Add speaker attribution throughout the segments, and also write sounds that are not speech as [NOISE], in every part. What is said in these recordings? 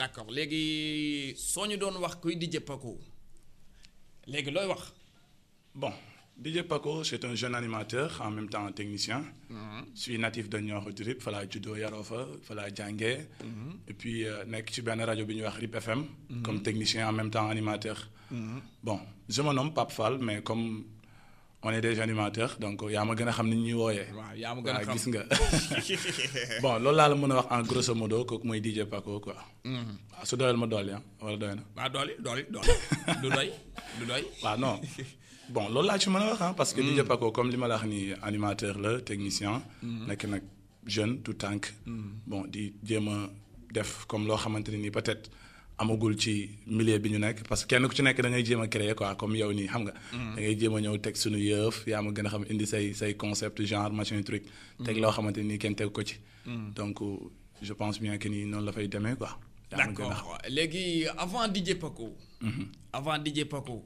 Speaker 1: d'accord léegi soo ñu doon wax kuy DJ Paco léegi looy wax.
Speaker 2: bon DJ Paco c'est un jeune animateur en même temps technicien. Mhm. je suis natif de Nioro Drip Rip fa laa juddoo yaroo fa fa laa jàngee. Mhm. et puis euh, nekk ci benn rajo bi ñuy wax RIP FM. Mhm. comme technicien en même temps animateur. bon je me nomme Pape Fall mais comme on est des animateurs donc yaa ma gën a xam ni ñuy wooyee. waaw yaa ma gën a xam gis nga. [LAUGHS] bon loolu laa la mën a wax en grosso modo kooku mooy DJ Paco quoi. Mm-hmm. waaw su doyal ma doole ah wala doy na.
Speaker 1: waaw dolli dolli doole [LAUGHS] du doy du doy. waaw non
Speaker 2: [LAUGHS] bon loolu laa ci mën a wax ah. parce que DJ mm-hmm. Paco comme li ma la wax ni animateur la technicien. Mm-hmm. nekk nag jeune tout tànk. bon di jéem a def comme loo xamante ni peut-être amagul ci milieu bi ñu nekk parce que kenn ku ci nekk da ngay jéem a créer quoi comme yow nii xam nga. Mm-hmm. da ngay jéem a ñëw teg suñu yëf yaa ma gën a xam indi say say concept genre machin truc. Mm-hmm. teg loo xamante ni kenn teg ko ci. Mm-hmm. donc je pense bien que ni noonu la fay demee quoi. yaa ma d'accord
Speaker 1: léegi avant DJ Pako. avant DJ Pako.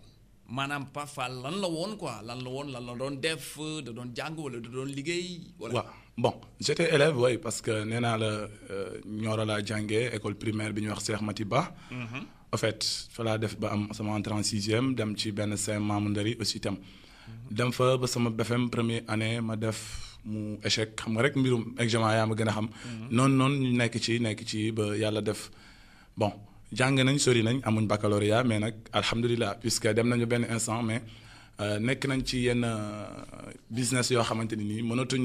Speaker 1: maanaam Pafa lan la woon quoi lan la woon lan la doon def da doon jàng wala da doon liggéey. wala
Speaker 2: bon j'étais élève oui parce que nee naa la euh, jangé école primaire bi ñuy wax Cheikh matiba en mm-hmm. fait fala def ba am sama 36 en sixième dem ci ben Saint Mamou Ndari aussi tam mm-hmm. dem fa ba sama BFM première année ma def mu échec xam nga rek mbirum examen ya ma gëna xam. non mm-hmm. non ñu nekk ci nekk ci ba yalla def bon jàng nañ sori nañ amuñ baccalauréat mais nak alhamdulilah puisque dem nañu ben instant mais euh, nekk nañ ci yenn euh, business yo xamanteni ni nii mënatuñ.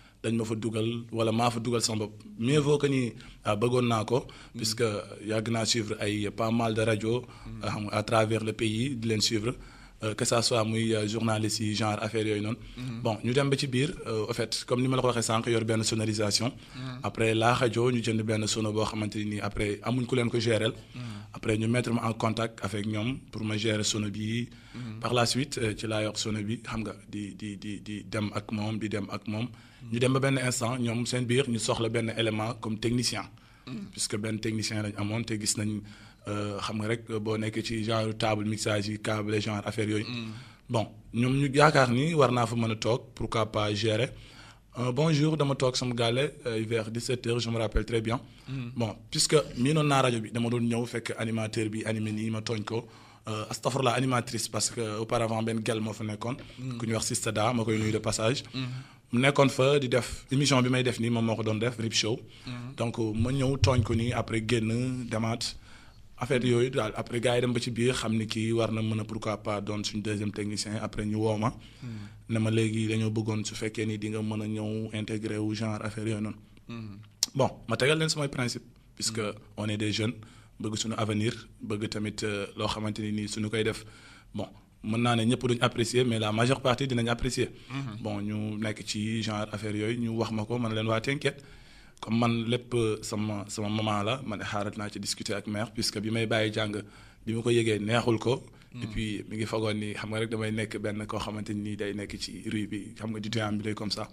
Speaker 2: dañ ma fa dugal wala maa fa dugal sama bopp mieux vaut que ni ah, bëggoon naa ko. puisque yàgg naa suivre ay pas mal de rajo. Ah, xam à travers le pays di leen suivre. Euh, que ça soit muy euh, journaliste yi genre affaire yooyu noonu. Mm-hmm. bon ñu dem ba ci biir en euh, fait comme ni ma la ko waxee sànq yor benn sonorisation. Mm-hmm. après laa radio ñu jënd benn sono boo xamante ni après amuñ ku leen ko gérer. Mm-hmm. après ñu mettre ma en contact avec ñoom pour ma gérer sono bi. par la suite ci laa yor sono bi xam nga di di di di dem ak moom di dem ak moom ñu dem ba benn instant ñoom seen biir ñu soxla benn élément comme technicien. puisque benn technicien lañ amoon te gis nañ euh, xam nga rek boo nekkee ci genre table mixage yi câble genre affaire yooyu. Mm. bon ñoom ñu yaakaar ni war naa fa mën a toog pourquoi pas gérer Bonjour, bon dama toog sama gàlle euh, vers 17h je me rappelle très bien. Mm. bon puisque miinoon naa rajo bi dama doon ñëw fekk animateur bi animé nii ma tooñ ko. Euh, astafurla animatrice parce que auparavant benn gel moo fa nekkoon. Mm. ku ñu wax Sista ma koy nuyu de passage mu nekkoon fa di def émission bi may def nii moom moo ko doon def Rip Show. Mm-hmm. donc euh, ma ñëw tooñ ko nii après génn demaat affaire yooyu daal après gars yi dem ba ci biir xam ni kii war na mën a pourquoi pas doon suñu deuxième technicien après ñu woo ma. Mm-hmm. ne ma léegi dañoo bëggoon su fekkee ni di nga mën a ñëw intégré wu genre affaire yooyu noonu. Mm-hmm. bon ma tegal leen samay principe. puisque on est des jeunes bëgg suñu avenir bëgg tamit euh, loo xamante ni nii suñu koy def bon mën naa ne ñëpp duñ apprécier mais la majeure partie dinañ apprécier. bon ñu nekk ci genre affaire yooyu ñu wax ma ko man leen waa t'inquiète comme man lépp euh, sama sama maman la man xaaral naa ci discuter ak mère puisque bi may bàyyi jàng bi ma ko yëgee neexul ko. et puis mi ngi fagoon ni xam nga rek damay nekk benn koo xamante ni day nekk ci rue bi xam nga di déambuler comme ça.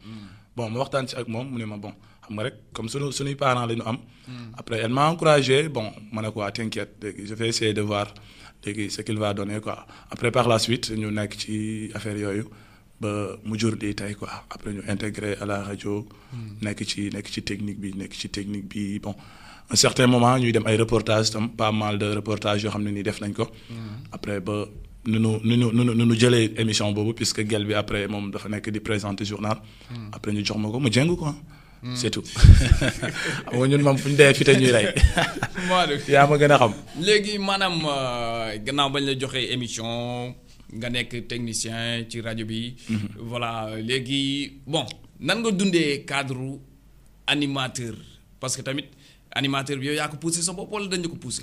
Speaker 2: bon ma waxtaan ci ak moom mu ne ma bon xam nga rek comme sunu sunuy parents la ñu am. Mm. après elle m'a encouragé bon ma ne ko waa t'inquiète je vais essayer de voir ce qu'il va donner quoi après par la suite ñu nekk ci affaire yoyu ba mu jour di quoi après ñu intégrer à la radio. Hmm. nek ci nek ci technique bi nek ci technique bi bon. un certain moment ñuy dem ay reportages tam pas mal de reportages yo xam ni def nañ ko. Hmm. après ba nous nous nous nous nu émission bobu puisque gel bi après moom dafa nek di présenter journal. Hmm. après ñu jox mu quoi. Hmm. c'est tout xam [LAUGHS] ñun moom fu ñu dee fii te ñuy ray [LAUGHS] yaa ma gën a xam.
Speaker 1: léegi maanaam euh, gannaaw bañ la joxee émission nga nekk technicien ci rajo bi. Mm-hmm. voilà léegi bon nan nga dundee cadre animateur parce que tamit animateur bi yow yaa ko poussé sa bopp wala dañ ko poussé.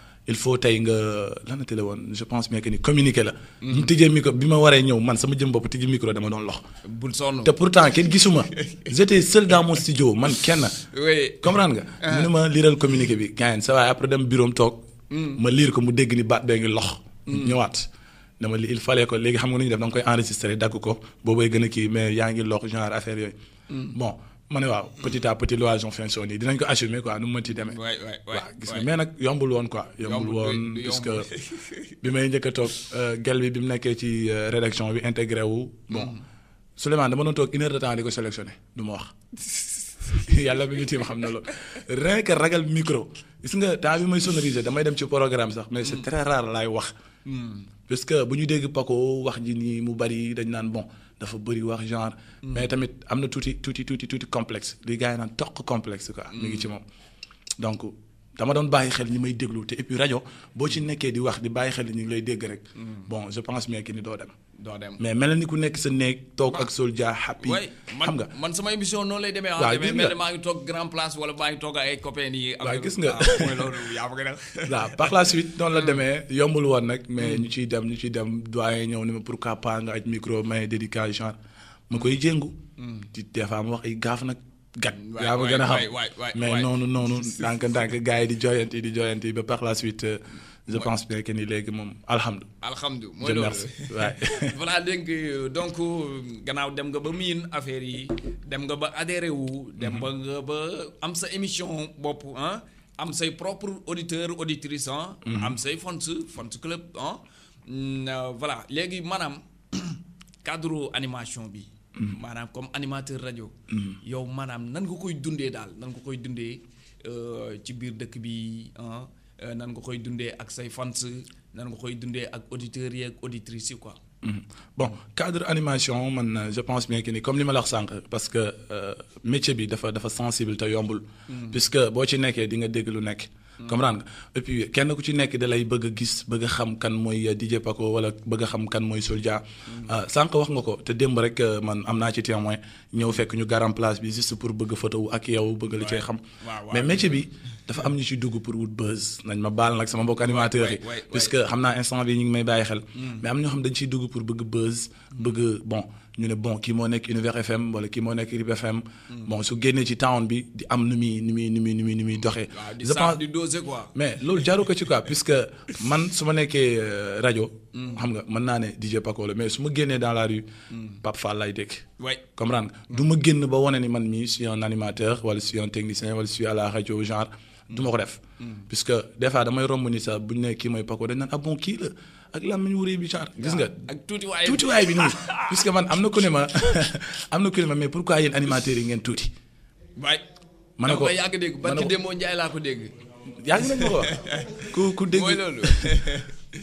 Speaker 2: il faut tay nga lanate la woon je pense bien que ni communiquer la. ñu tijjee micro bima waré ñew man sama jëm bopp tijji micro dama don lox.
Speaker 1: bul sonn te pourtant
Speaker 2: kenn gisuma [LAUGHS] j'étais seul dans mon studio man kenn. oui comprendre nga. Ah. mu ne ma liiral communiqué bi gaañ ça va après dem bureau tok hmm. ma lire ko mu dégg ni bat bee lox. Hmm. ñewat dama li il fallait ko légui xam nga nu ñu def dang koy enregistrer dagg ko boobay gën a kii mais yaa ngi lox genre affaire yoy hmm. bon mané waaw petit à petit l'horizon fin sonné dinañ ko assumer quoi nu mu mënti demee. waay waay waay gis nga mais nak yombul won quoi. yombul woon puisque bi may njëkk a toog euh, gel bi bi mu nekkee ci euh, rédaction bi intégré wu. bon mm. Souleymane dama non tok une heure de temps di ko sélectionné du wax. [LAUGHS] yàlla bi ñu tiim xam na loolu rien que ragal micro gis nga temps bi may sonoriser damay dem ci programme sax mais c'est mm. très rare laay wax mm. parce que bu ñu dégg Paco wax ji nii mu bari dañ naan bon dafa bëri wax genre mm. mais tamit am na tuuti tuuti tuuti tuuti complexe li gars yi naan toq complexe am mi ngi ci moom donc dama doon bàyyi xel ñi may déglu te et puis rajo boo ci nekké di wax di baye xel ñu lay dégg rek. Mm. bon je pense mais que ni doo dem. do dem mais melni ku nekk sa néeg tok ak ah. Souldia happy. xam nga
Speaker 1: man sama émission noonu lay demee. Ah, waaw gis nga ma ngi tok grand place wala maa ngi toog ay copains yi. waaw gis nga ah, mooy loolu
Speaker 2: yaa [LAUGHS] par la suite noonu la mm. démé yombul won nak mais mm. ñu ci dem ñu ci dem doyen ñew ni ma pourquoi pas nga aj micro mais dédicace genre ma koy jéngu. di des wax ay gaf nak gat yaa ma gën non non mais donc noonu ndànk ndànk gars di joyanti di joyanti ba par la suite euh, je pense bien que ni léegi moom alhamdu alhamdu mooy loolu
Speaker 1: [LAUGHS] voilà donc donc gannaaw dem nga ba min affaire yi dem nga ba adhéré wu dem ba nga ba am sa émission bop hein am say propre auditeur auditrice ah hein, mhm. am say fans fans club ah voilà légui manam [CLEARS THROAT] cadre animation bi maanaam comme animateur radio. Mm-hmm. yow maanaam nan nga koy dundee daal nan nga koy dundee euh, ci biir dëkk bi ah, euh, nan nga koy dundee ak say fans nan nga koy dundee ak auditeurs yi auditrices yi quoi.
Speaker 2: Mm-hmm. bon cadre animation man je pense bien que ni comme li ma la wax sànq parce que euh, métier bi dafa dafa sensible te yombul. Mm-hmm. puisque boo ci nekkee di nga dégg lu nekk. Kamran, et puis kenn ku ci nekk dalay gis bëgg xam kan mooy euh, DJ pako wala bëgg xam kan mooy Soldia mm. euh, sànq wax nga ko te démb rek euh, man amna naa ci témoin ñëw fekk ñu garam place bi juste pour bëgg photo ak yow bëgg li cay xam mais métier bi dafa am ñu ci dugg pour wut buzz nañ ma baal nag sama mbokk animateur yi puisque xam naa instant bi ñu ngi may bàyyi xel mm. mais am ñoo xam dañ ciy dugg pour bëgg buzz bëgg bon ñu ne bon kii moo nekk Univers FM wala kii moo nekk rib FM. bon su génnee ci town bi di am nu muy nu muy nu muy nu muy nu muy doxee. je pense di doser quoi. mais loolu jaarul ko ci quoi puisque man su ma nekkee euh, rajo. Mm. xam nga mën naa ne DJ Paco la mais su ma génnee dans la rue. Mm. Pape Fall lay dégg. waay comprendre nga mm. du ma génn ba wane ni man mii suis un animateur wala suis un technicien wala suis à la rajo genre du ma ko def. puisque des fois damay romb ni sax bu ñu nee kii mooy Paco dañ naan ah bon kii la. ak ñu wuree bi caar gis nga ak tuutiwaay tuutiwaay bi nii puisque [LAUGHS] man am na ko ne ma [LAUGHS] am na ku ne ma mais pourquoi yéen animateurs yi ngeen tuuti waay ma ne ko yaa ko
Speaker 1: dégg barki démb Njaay laa ko dégg
Speaker 2: yaa ngi nañ ma ko [LAUGHS] ku ku dégg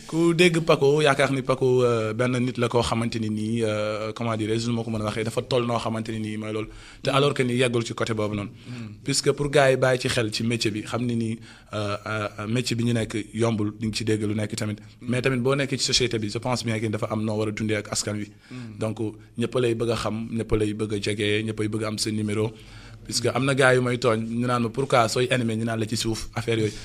Speaker 2: ku dégg Paco yaakaar ni Paco euh, benn nit la koo xamante ni nii euh, comment dirais je ma ko mën a waxee dafa toll noo xamante ni nii mooy loolu te alors que ni yeggul ci côté boobu noonu. Hmm. puisque pour gars yi bàyyi ci xel ci métier bi xam ni nii euh, métier bi ñu nekk yombul di nga ci dégg lu nekk tamit. mais tamit boo nekkee ci société bi je pense bien que dafa am noo war a dundee ak askan wi. Hmm. donc ñëpp lay bëgg a xam ñëpp lay bëgg a jege ñëpp ay bëgg am seen numéro. puisque am na gars yu may tooñ ñu naan ma pourquoi sooy animé ñu naan la ci suuf affaire yooyu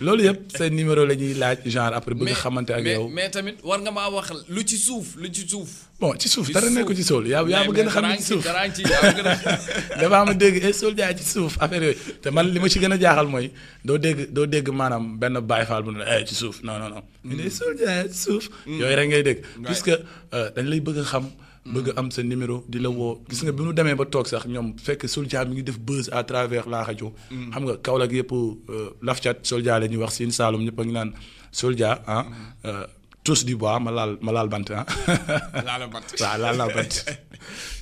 Speaker 2: [LAUGHS] loolu yëpp seen numéro la ñuy laaj genre après bëgg xamante ak yow.
Speaker 1: mais tamit war nga ma wax lu ci suuf lu ci suuf.
Speaker 2: bon ci suuf dara nekk ci sool yaa yaa ma gën a [LAUGHS] xam ci suuf dafa ma dégg eh, sol jaay ci suuf affaire yooyu te man li ma ci gën a jaaxal mooy doo dégg doo dégg maanaam benn Baye Fall bu ne eh, ci suuf non non non. Mm. ñu ne sol jaay ci suuf. Mm. yooyu rek ngay dégg. puisque euh, dañ lay bëgg a xam. bëgg am sa numéro di la woo gis nga bi ñu demee ba toog sax ñoom fekk Souldia mi ngi def buzz à travers la rajo mm. xam nga Kaolack yëpp euh, lafcat Souldia la ñuy wax Sine Saalum ñëpp a ngi naan Souldia ah mm. euh, tous du bois ma laal ma laal bant ah. [LAUGHS] laal bant [LAUGHS] waaw laal naa bant. [LAUGHS]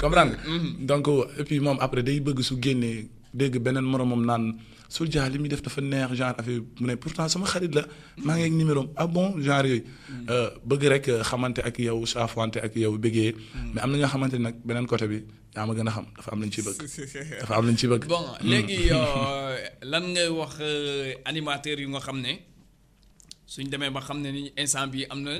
Speaker 2: comprendre mm. donc euh, et puis moom après day bëgg su génnee dégg beneen moromam naan. sul jaar li muy def dafa neex genre affaire mu ne pourtant sama xarit la maa ngi ak numéro ah bon genre yooyu bëgg rek xamante ak yow saafante ak yow bëggee mais am na nga xamante nag beneen côté bi yaa ma gën a xam dafa am lañ ci bëgg dafa am lañ ci bëgg bon léegi
Speaker 1: lan nga wax animateur yu nga xam ne suñ demee ba xam ne ni instant bi am na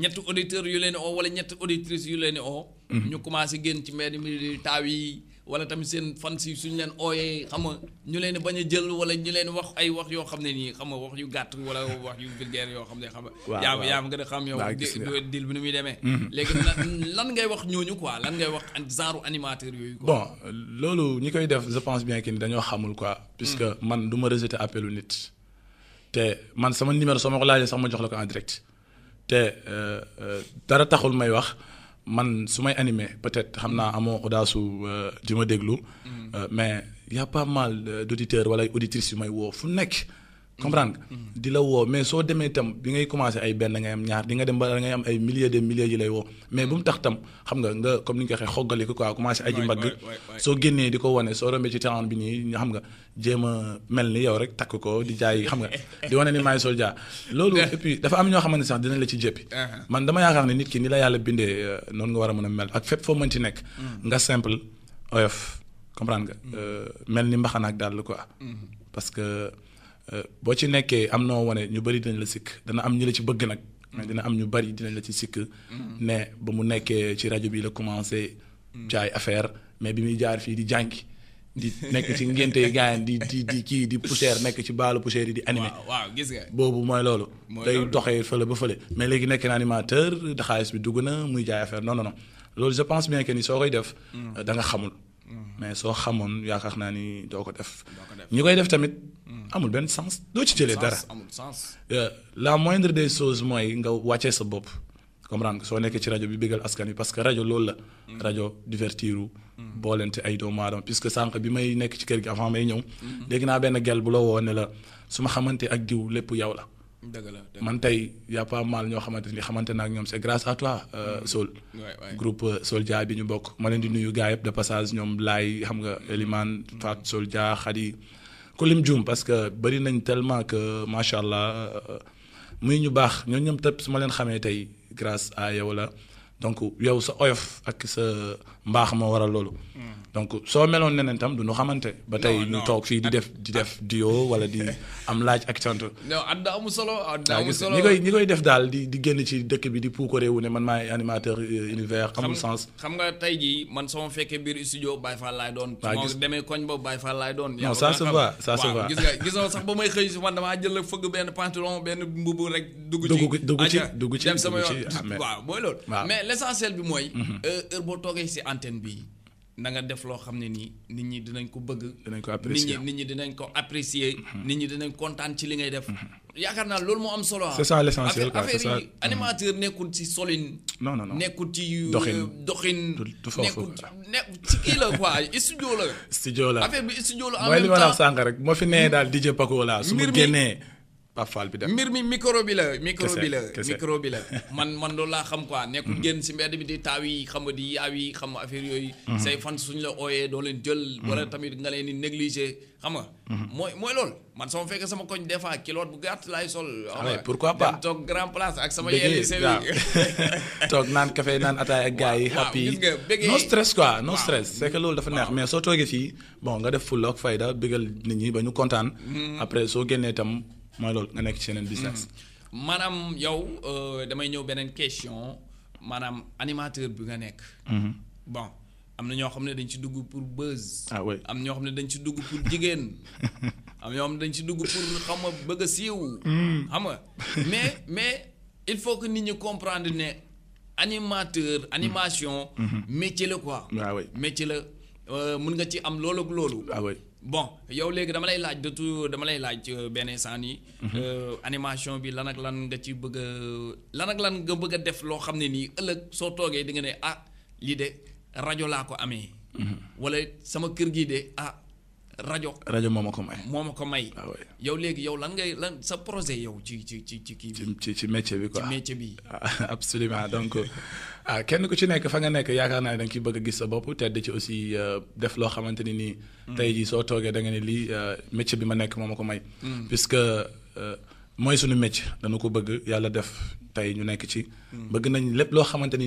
Speaker 1: ñetti auditeurs yu leen oo wala ñetti auditrices yu leen oo ñu commencé génn ci mbedd mi taw yi wala tamit seen fan si suñu leen ooyee xam ñu leen bañ a jël wala ñu leen wax ay wax yoo xam ne nii xam nga wax yu gàtt wala wax yu vulgaire yoo xam ne xam nga [LAUGHS] yaa yaa ma gën a xam yow dil bi nu muy demee mhm. léegi lan ngay wax ñooñu quoi lan ngay wax genre animateur yooyu
Speaker 2: quoi bon loolu ñi koy def je pense bien ki ni dañoo xamul quoi puisque hmm. man du ma rejeter appelu nit te man sama numéro soo ma ko laajee sax ma jox la ko en direct te euh, euh, dara taxul may wax man su may animé peut-être xam naa amoo audace euh, di ma déglu mm. euh, mais y a pas mal euh, d'auditeurs wala auditrices yu may woo fu nekk comprendre mm-hmm. di la woo mais soo demee tam bi ngay commencé ay benn ngay am ñaar di nga dem ba da ngay am ay milliers de milliers yi lay woo mais bu mu tax tam xam nga nga comme ni nga waxee xoggali ko quoi commencé aji mbagg soo génnee di ko wane soo rombee ci terrain bi nii xam nga jéem a mel ni yow rek takk ko di jaay xam nga di wane ni maay soldat loolu et puis dafa am ñoo xamante sax dinañ la ci jéppi uh-huh. man dama yaakaar ne nit ki ni la yàlla bindee euh, noonu nga war a mën mel ak fépp foo mën ci nekk mm. nga simple oyof comprendre nga mm. euh, mel ni mbaxanaak daal quoi mm-hmm. parce que Euh, boo ci nekkee am noo wane ñu bëri dinañ la sikk dana am ñu la ci bëgg nag mais am ñu bëri dinañ la ci sikk ne mm-hmm. ba mu nekkee ci rajo bi la commencé mm. jaay affaire mais bi muy jaar fii di jàngi di nekk ci ngénte yi gaayan di di di di poussière nekk ci baalu poussière yi di animé waaw gis nga boobu mooy loolu day doxee fële ba fële mais léegi nekk na animateur xaalis bi dugg na muy jaay affaire non non loolu je pense bien que ni soo koy def mm. danga xamul mm. mais soo xamoon yaakaar naa ni doo ko def ñi koy def tamit amul benn sens doo ci jëlee dara amul sens euh, la moindre des choses mooy nga wàccee sa bopp comprendre soo nekkee ci rajo bi bégal askan wi parce que rajo loolu la mm. rajo divertiru mm. boolente ay doomu aadama puisque sànq bi may nekk ci kër gi avant may ñëw mm-hmm. dégg naa benn gel bu la woo la su xamante ak diw lépp yow la
Speaker 3: dëgg la man
Speaker 2: tey y' a mal ñoo xamante ni xamante na ak ñoom c' est grâce à toi euh, mm-hmm. Soul. groupe euh, Souldia bi ñu bokk. ma leen di nuyu gars yëpp de passage ñoom laay xam nga mm-hmm. Elimane Fatou Souldia Khady. Colim jum parce que bari nañ tellement que macha allah muy ñu bax ñoo ñoom tëpp suma ma leen xamee tey grâce à yow la donc yow sa oyof ak sa mbaax moo waral loolu. Hmm. donc soo meloon neneen tam du ñu xamante. ba tey ñu toog fii di def di def duo wala di am laaj ak cant.
Speaker 1: non adda amu solo adda amu solo ñi koy ñi
Speaker 2: koy def daal di di génn ci dëkk bi di puukaree wu ne man maay animateur euh, univers amul sens.
Speaker 1: xam nga tey jii man sama fekkee biir studio Baye Fall laay doon. waaw gis demee koñ ba baay Fall laay doon. non ça se va ça se gis nga gis nga sax ba may xëy si man damaa jël fëgg benn pantalon benn mbubu rek. dugg ci dugg ci dugg ci dugg ci dugg ci ah, waaw mooy loolu. l' essentiel bi mooy. Mhm. Euh, heure boo toogee si antenne bi na nga def loo xam ne nii nit ñi dinañ ko bëgg. dinañ ko apprécier nit ñi nit ñi dinañ ko apprécier. Mhm. nit ñi dinañ kontaan ci li ngay def. Mhm. yaakaar naa loolu moo am solo ah. c' est ça l' animateur nekkul si
Speaker 2: solin. non non non nekkul
Speaker 1: ci. Euh, doxin
Speaker 2: doxin. du foofu ne ci kii la quoi [LAUGHS] studio la. studio la affaire
Speaker 1: bi studio mooy li ma la
Speaker 2: sànq rek moo fi nee daal DJ Paco laa. su ma génnee. Fall bi mbir mi micro bi la. micro bi la micro bi la. [LAUGHS]
Speaker 1: man man loolu laa xam quoi. nekkul mhm. génn si mbedd bi di taaw yi xam nga di yaaw yi xam affaire yooyu. Mhm. say fan suñ la ooyee doo leen jël. Mhm. wala tamit nga leen di négligé xam nga. mooy mooy loolu man sama fekkee sama koñ des fois kiloot bu gàtt laay sol. waaw ah pourquoi pas toog grand place ak sama yenn sew yi
Speaker 2: [LAUGHS] toog naan café naan ataay ak gars yi. happy no stress quoi no stress. c'est loolu dafa neex mais soo toogee fii bon nga def fulla ak kontaan. après soo génnee Madame, loolu nga nekk ci business.
Speaker 1: Mm-hmm. maanaam yow euh, damay question animateur bi nga mm-hmm. bon am na ñoo pour buzz. ah oui ñoo pour jigéen [LAUGHS] am ñoo dañ ci pour xam mm-hmm. mais mais il faut que nit comprendre animateur. animation. métier quoi. métier bon yow léegi dama lay laaj de tout dama lay laaj benn instant nii animation bi lan ak lan nga ci bëgg a lan ak lan nga bëgg a def loo xam ne nii ëllëg soo toogee di nga ne ah lii de rajo laa ko amee mhm. wala sama kër gii de ah rajo.
Speaker 2: rajo moom a ko may.
Speaker 1: moom ma ko may. Ah yow léegi
Speaker 2: yow lan ngay lan sa projet yow ci ci ci ci kii ci ci métier bi quoi ci métier bi. Ah, [LAUGHS] absolument donc euh, ah kenn ku ci nekk fa nga nekk yaakaar naa ne da nga ciy bëgg a gis sa bopp tedd ci aussi euh, def loo xamante ni nii. Mm. tey jii soo toogee da nga ne lii euh, métier bi ma nekk moom ma ko may. Mm. puisque. mooy suñu métier dañu ko bëgg def tey ñu nekk ci. bëgg nañ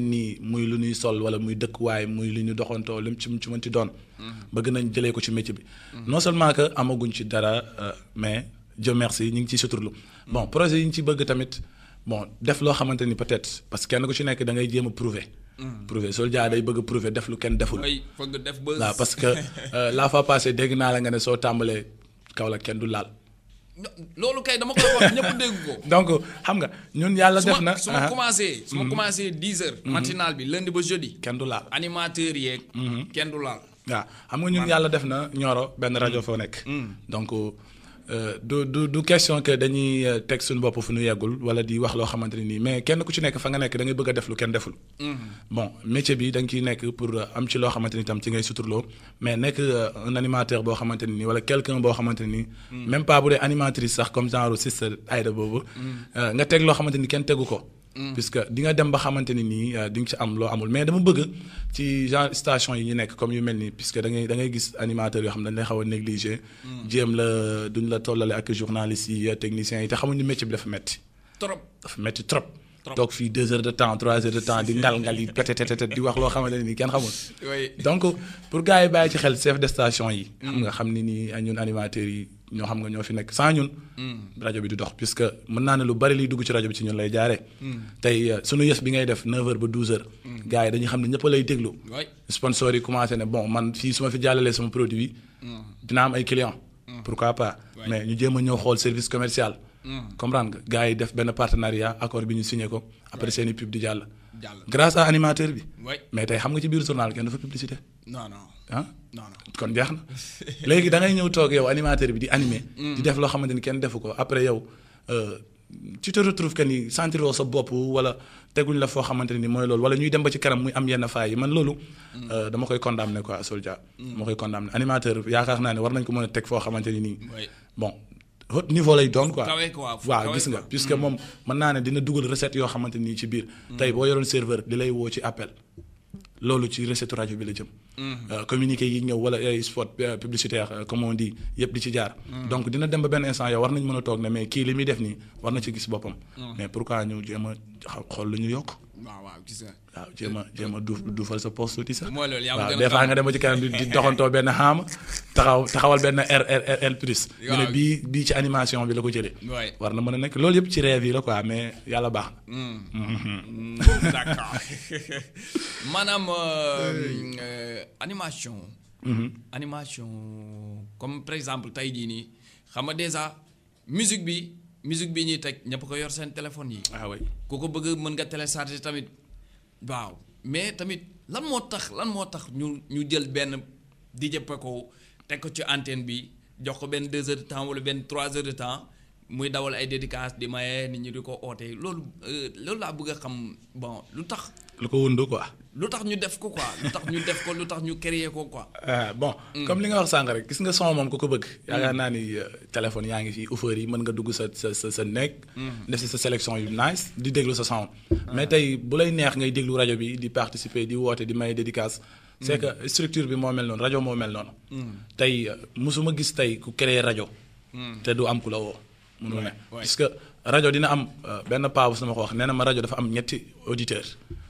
Speaker 2: ni muy lu ñuy sol wala muy dëkkuwaay muy lu ñu doxantoo lim ci ci mën doon. Mm-hmm. bëgg nañ ko métier mm-hmm. non seulement que amaguñ ci dara euh, mais Dieu merci ñu ngi mm-hmm. bon projet yi ñu ci bëgg tamit bon def loo xamante ni peut-être parce que kenn ku ci nekk da ngay jéem prouver. prouver soldat day bëgg a prouver def lu kenn deful. parce que euh, [LAUGHS] la fois passée dégg la nga ne loolu kay dama koy wax ñëpp dégg ko. [LAUGHS] donc xam nga ñun yàlla def na su ma uh-huh. commencé. su ma mm-hmm. commencé
Speaker 1: dix heures. Mm-hmm. matinal bi lundi ba jeudi. kenn du laal animateur yeeg. Mm-hmm. kenn du laal.
Speaker 2: waaw xam nga ñun yàlla def na ñoro benn rajo foo nekk. Mm. donc. Euh, du du du question que dañuy euh, teg suñu bopp fu ñu yeggul wala di wax loo xamanteni ne mais kenn ku ci nekk fa nga nekk da ngay bëgg a def lu kenn deful. Mm-hmm. bon métier bi da nga ciy nekk pour euh, am ci loo xamanteni tam ci ngay suturloo mais nekk un animateur boo xamanteni ne wala quelqu'un boo xamanteni ne mm. même pas bu dee animatrice sax comme genre sister Aïda boobu. Mm. nga teg loo xamanteni kenn tegu ko. Mm. puisque di nga dem ba xamanteni ni nii euh, di ci am lo amul mais dama bëgg ci genre station yi ñu nekk comme yu mel nii puisque da ngay da ngay gis animateur yoo xam ne dañ lay xaw a négligé. Mm. jéem la duñ la tollale ak journalistes yi technicien yi te xamuñu métier bi dafa metti trop dafa metti trop. donc fii deux heures de temps trois heures de temps di ngal ngal yi pététété di wax loo xamante ne kenn xamul. donc pour gars yi bàyyi ci xel chef de station yi. xam mm. nga xam ni ñun animateur yi. ñoo xam nga ñoo fi nekk sans ñun. Mm. rajo bi di dox puisque mën naa ne lu bari liy dugg ci rajo bi ci ñun lay jaaree. Mm. tey euh, sunu yës bi ngay def 9 ba 12h. Mm. gars yi dañuy xam ne ñëpp lay déglu. sponsor yi commencé ne bon man fii su ma fi jàllalee sama produit. dina am ay clients. pourquoi pas mais ñu jéem a ñëw xool service commercial. comprendre nga yi def benn partenariat accord bi ñu signé ko. après seen i pub di jàll. grâce à animateur bi. mais tey xam nga ci biir journal kenn dafa publicité. non non ah. non kon jeex na léegi da ngay ñëw toog yow animateur bi di animé. [LAUGHS] Mm. di def loo xamante ni kenn defu ko après yow euh, tu te retrouves que ni sentiroo sa bopp wala teguñ la foo xamante ni mooy loolu wala ñuy dem ba ci kanam muy am yenn faay yi man loolu. Mm. Euh, dama koy condamné quoi Souldia. Mm. dama koy condamné animateur yaakaar naa ne war nañ ko mën a teg foo xamante ni nii. bon. haut niveau lay doon quoi gis nga puisque hmm. moom mën naa ne dina dugal recette yoo xamante nii ci biir hmm. tey boo yoroon serveur di lay woo ci appel loolu ci recette rajo bi la jëm hmm. euh, communiqué yi ñëw wala ay spot euh, publicitaire euh, comme on dit yëpp di ci jaar donc dina dem ba benn instant yow war nañ mën a toog ne mais kii li muy def nii war na ci gis boppam mais pourquoi ñu jéem xool lu ñu yokk waaw waaw gis nga. waaw jéem a a duuf duufal sa poste tuuti sax. mooy loolu waaw des fois nga dem ci kanam di doxantoo benn xaama taxaw taxawal benn R R R plus. waaw ñu bii bii ci animation bi la ko jëlee. war na mën a nekk loolu yëpp ci rêve yi la quoi mais yàlla baax na. Hmm. Mm-hmm.
Speaker 1: [LAUGHS] d'accord [LAUGHS] euh, euh, animation. Mm-hmm. animation comme par exemple tey jii nii xam nga déjà musique bi. musique bi ñuy teg ñëpp ko yor seen téléphone yi. ah oui ku ko bëgg mën nga télécharger tamit waaw mais tamit lan moo tax lan moo tax ñu ñu jël benn di DJ ko teg ko ci antenne bi jox ko benn deux heures de temps wala benn trois heures de temps muy dawal ay dédicaces di maye nit ñi di ko oote loolu euh, loolu laa bëgg a xam bon lu tax.
Speaker 2: lu ko wundu quoi.
Speaker 1: lu tax ñu def ko quoi lu tax ñu def ko ñu créer ko quoi.
Speaker 2: Ah, bon mm. comme li nga wax sànq rek gis nga son moom ko ko bëgg. Mm. yaakaar naa ni euh, téléphone yaa ngi fi offre yi mën nga dugg sa sa sa mm. si sélection yu nice di déglu sa son. Ah. mais tey bu lay neex ngay déglu rajo bi di participer di woote di may dédicace. c' que structure bi moo mel noonu rajo moo mel noonu. tey euh, musuma gis ku créer rajo. te du am ku la rajo dina am euh, benn paabu sama ko wax nee na ma rajo dafa am ñetti auditeur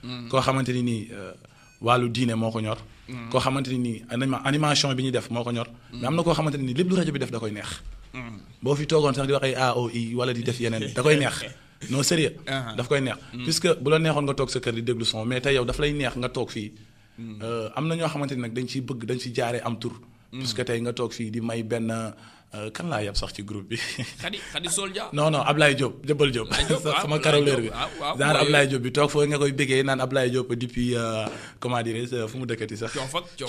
Speaker 2: mm. koo xamante ni nii euh, wàllu diine moo ko ñor. Mm. koo xamante ni nii animation bi ñuy def moo ko ñor. Mm. mais am koo xamante nii lépp lu rajo bi def da koy neex. boo fi toogoon sax di wax ay AOI wala di def yeneen da koy neex. [LAUGHS] non sérieux uh-huh. daf koy neex. puisque bu la neexoon nga toog sa kër di déglu son mais tey yow daf lay neex nga toog fii. Euh, am na ñoo xamante ni nag dañ ciy bëgg dañ ci jaaree am tur. puisque tey nga toog fii di may benn. Euh, kan laa yab sax ci groupe bi. xadi xadi Solja. non non Ablaye Diop jëbal Diop. [LAUGHS] sama caroleur bi genre Ablaye Diop bi toog foo nga koy bëggee naan Ablaye Diop depuis euh, comment dirais euh, fu mu dëkkati sax.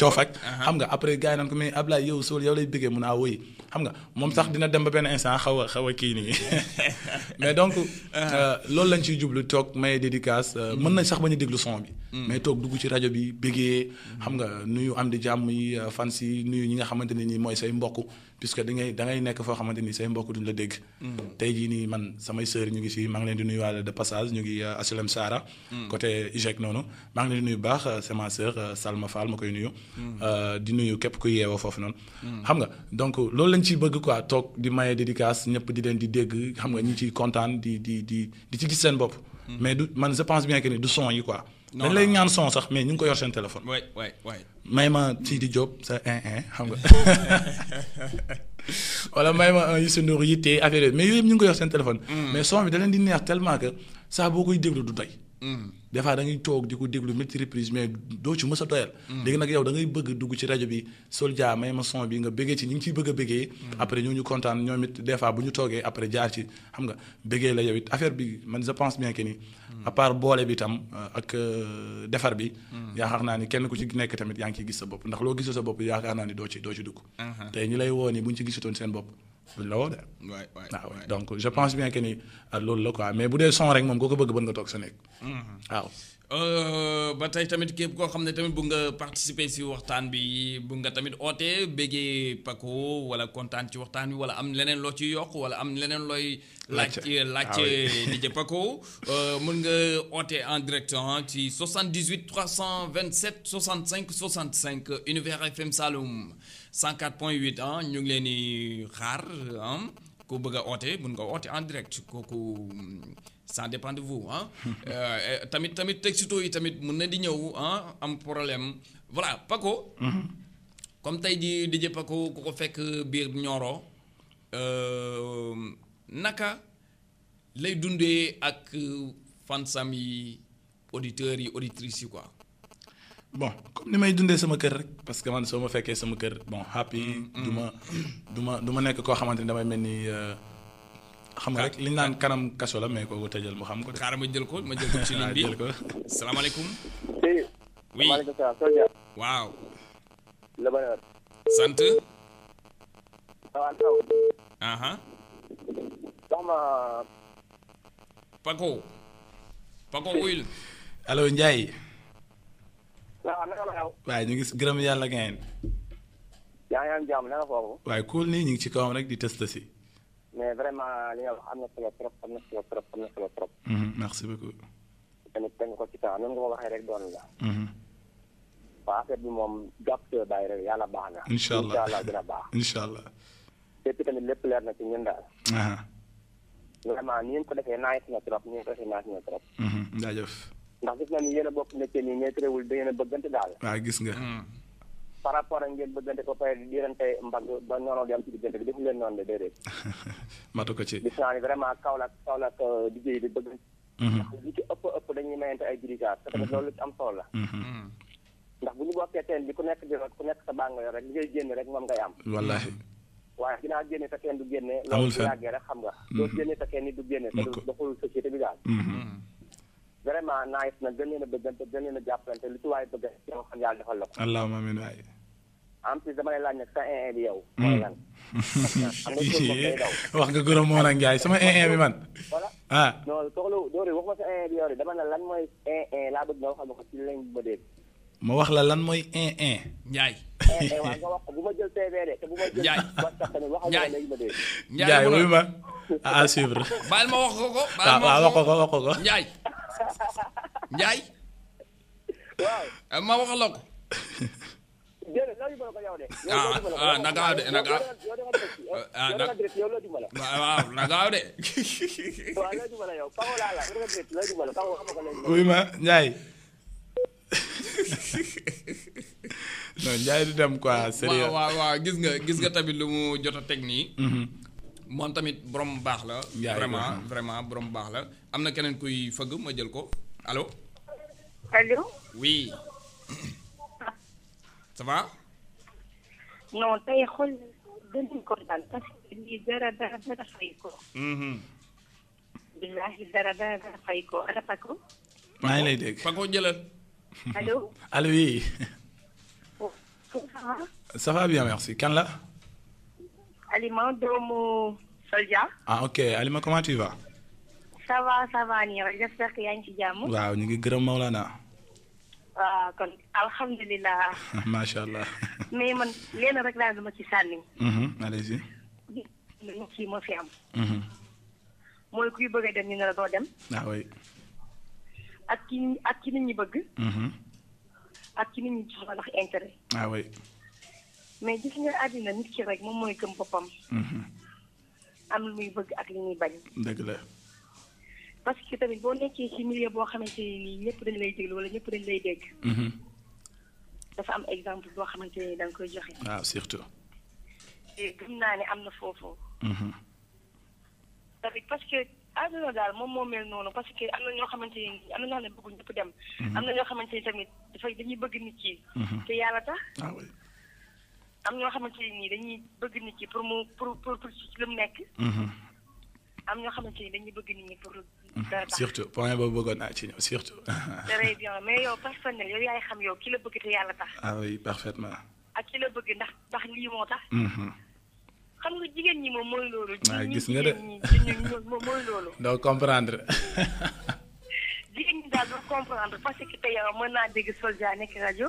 Speaker 2: coofak uh-huh. xam nga après gars yi naan ko mais Ablaye yow Sol yow lay bëggee mun a woy xam nga moom sax dina dem ba benn instant xaw a xaw a kii nii [LAUGHS] mais donc. Uh-huh. loolu lañ ciy jublu toog may dédicace. mën nañ sax ba ñu déglu son bi. Mm. mais toog dugg ci rajo bi bëggee. Mm. xam nga nuyu am di jàmm yi fans yi nuyu ñi nga xamante ne nii mooy say mbokk puisque da ngay da ngay nekk la man ñu ngi de passage ñu ngi euh, mm. côté IJEC noonu maa ngi leen di euh, c'est ma sœur euh, Salma Fall ma koy nuyu. Mm. di nuyu mm. donc loolu lañ bëgg quoi di maye dédicace di leen di dégg xam nga ñu ci di di di mais je pense bien que ni du son yi quoi dañ lay ñaan son sax mais ñu ngi ko yor seen téléphone. waay waay waay may ma Sidi Diop sa un un xam nga [LAUGHS] wala may ma Youssou Ndour yi te affaire mais yooyu yëpp ñu ngi ko yor seen téléphone. Mm. mais son bi da leen di neex tellement que saa boo koy déglu du doy. Mm. defaa fois ngay toog di ko déglu multi reprise mais doo ci mës a doyal. Mm. léegi nag yow da ngay bëgg dugg ci rajo bi Souldia may ma son bi nga bëggee ci ñi ngi ci bëgg a bëggee. Mm. après ñoo ñu kontaan ñoom it des fois bu ñu toogee après jaar ci xam nga bëggee la yow it affaire bi man je pense bien que ni. Mm. à boole bi tam euh, ak euh, defar bi. yaakaar naa ni kenn ku ci nekk tamit yaa ngi ciy gis sa bopp ndax loo gisul sa bopp yaakaar naa ni doo ci doo ci dugg. Uh-huh. woo ni bu ñu ci gisutoon la woo de. donc je pense bien que ni euh, loolu la quoi mais vous devez son rek moom ko ko bëgg mën nga toog sa nekk. Mm-hmm. waaw.
Speaker 1: Euh, ba tey tamit képp koo xam ne tamit bëgg nga participer si waxtaan bi bëgg nga tamit oote bëggee Paco wala kontaan ci waxtaan bi wala am leneen loo ci yokk wala am leneen looy. laaj laaj ah [LAUGHS] DJ Paco euh, mën nga oote en direct hein, ci 78 327 65 65 Univers FM Saloum. 104 point 8 ah ñu ngi leen di xaar ah ku bëgg a oote mun nga oote en direct kooku mm, ça dépend de vous ah. [LAUGHS] Euh, tamit tamit texto yi tamit mun na di ñëw ah am problème voilà Paco. Mhm. comme tey jii DJ Paco ku ko fekk biir Nioro euh, naka lay dundee ak euh, fansam yi
Speaker 2: auditeurs yi auditrices yi quoi. bon comme ni may dundee sama kër rek parce que man soo ma sama kër bon happy mm, mm. duma, duma, duma ma du ma nekk koo xamante ni damay mel euh, xam nga rek liñ naan kanam kaso la mais kooku tëjal mu xam ko xaaral ma jël ko ma jël ko ci ligne bi [LAUGHS] ah, jël ko
Speaker 1: salaamaaleykum oui waaw sant aha sama pako pako uyul
Speaker 2: allo ndiaye waaye ñu ngi gërëm yàlla gayen
Speaker 4: yaa ngi am jàmm na nga foofu
Speaker 2: waaye cool nii ñu ngi ci kawam rek di test si
Speaker 4: mais vraiment li nga wax am na solo trop am na solo mhm, ko ci temps noonu ko waxee rek doon la mhm. waaw bi moom jàpp te rek yàlla baax na incha allah dina baax incha allah lépp tamit lépp leer na ci ñun daal vraiment ni ñu ko defee naaj na trop ni ñu ko defee na trop mhm, ndax gis na ni yéen a bokk métier nii mais terewul da ngeen bëggante daal.
Speaker 2: waaw gis nga. Hmm.
Speaker 4: par rapport ak ngeen bëggante ko pare di dirante mbagg ba noonu di am ci diggante bi defu leen noonu de déedéet. [LAUGHS] ko ci. gis naa ni vraiment Kaolack Kaolack euh, liggéey bi bëgg. Hmm. ndax ci ëpp ëpp dañuy mayante ay dirigeants. te tamit hmm. loolu am solo la. ndax bu ñu bokkee teen bi ku nekk di ku nekk sa baa nga yor rek li ngay génn rek moom ngay am. wallaahi. waaye dinaa génne te kenn du génne. amul fenn loolu bu yàggee rek xam nga. doo génne te kenn du génne. te du doxul société bi vraiment nice na gën leen a bëggante gën a jàppante lu ci waay bëgg yow la
Speaker 2: ko. allahumma amiin waay.
Speaker 4: en plus dama lay sa un bi
Speaker 2: hmm. [LAUGHS] wax nga gërëm moo la Ndiaye sama un bi man. ah
Speaker 4: non soxla Dóor waxuma sa un bi yow de dama ne lan mooy un laa bëgg nga ko ci lañ ma dégg.
Speaker 2: ma wax la lan mooy un un.
Speaker 4: Ndiaye. waaw
Speaker 5: nga wax ko bu ma jël TV de te bu ma jël. Ndiaye [LAUGHS]
Speaker 2: Ndiaye
Speaker 5: baal ma wax ko ko. baal ah, ma wax ko ko wax
Speaker 2: Ndiaye.
Speaker 1: waaw eh, ma wax la
Speaker 5: ah ah na gaaw de na gaaw eh? ah na
Speaker 1: waaw na gaaw
Speaker 5: de. wuy ma
Speaker 2: Ndiaye. [LAUGHS] non Ndiaye du dem quoi. sérieux waaw
Speaker 1: waaw gis nga gis nga tamit lu mu jot a teg nii. Mhm. moom tamit borom baax la. vraiment vraiment borom baax la. am na keneen kuy fëgg ma jël ko allo. allo. oui. [COUGHS] ça va.
Speaker 6: non tey xool gën nañu ko daal parce que lii dara dara dara fay ko. Mm-hmm. billahi dara dara dara fay ko ana Paco.
Speaker 2: maa ngi lay dégg Paco jëlal. allo allo oui. Oh, ça va bien merci kan la.
Speaker 6: Aliment Domo Soldia.
Speaker 2: Ah, ok. Aliment, comment tu vas
Speaker 6: Ça va, ça va, Nir. J'espère qu'il y Maulana. Ah, alhamdulillah.
Speaker 2: [LAUGHS] Mashallah.
Speaker 6: [LAUGHS] Mais man, len rek la dama
Speaker 2: Mhm, allez-y.
Speaker 6: Mhm. Ñu ci Mhm. na do Ah Ak ki nit ñi mhm. mais gis nga àddina nit ki rek moom mooy gëm boppam. Mhm. am lu bëgg ak li muy bañ. dëgg la. parce que tamit boo nekkee si milieu boo xamante ne nii ñëpp dañ lay déglu wala ñëpp dañ lay dégg. Mhm. dafa am exemple boo xamante ne da koy joxe. waaw ah, surtout. naa ne am na foofu. Mhm. tamit parce que àdduna daal moom moo mel noonu parce que am na ñoo xamante ne am na ñoo xam ne dem. am na ñoo xamante ne tamit dafay dañuy bëgg nit ki. te yàlla tax. Ah am ñoo xamante ne nii dañuy bëgg nit ki pour mm-hmm. am ñoo xamante ni dañuy bëgg nit ñi pour.
Speaker 2: Mm-hmm. dara surtout boobu bëggoon naa ci ñëw surtout. [LAUGHS]
Speaker 6: très bien mais yow personnel yaay xam yow ki la bëgg te yàlla tax.
Speaker 2: ah oui parfaitement.
Speaker 6: ak ki la bëgg ndax ndax moo tax. Mm-hmm. xam nga jigéen ñi moom mooy loolu. Ah, gis nga de jigéen ñi moom mooy loolu.
Speaker 2: [LAUGHS] doo comprendre.
Speaker 6: [LAUGHS] jigéen ñi daal doo comprendre parce que tey yow mën naa dégg Souldia nekk rajo.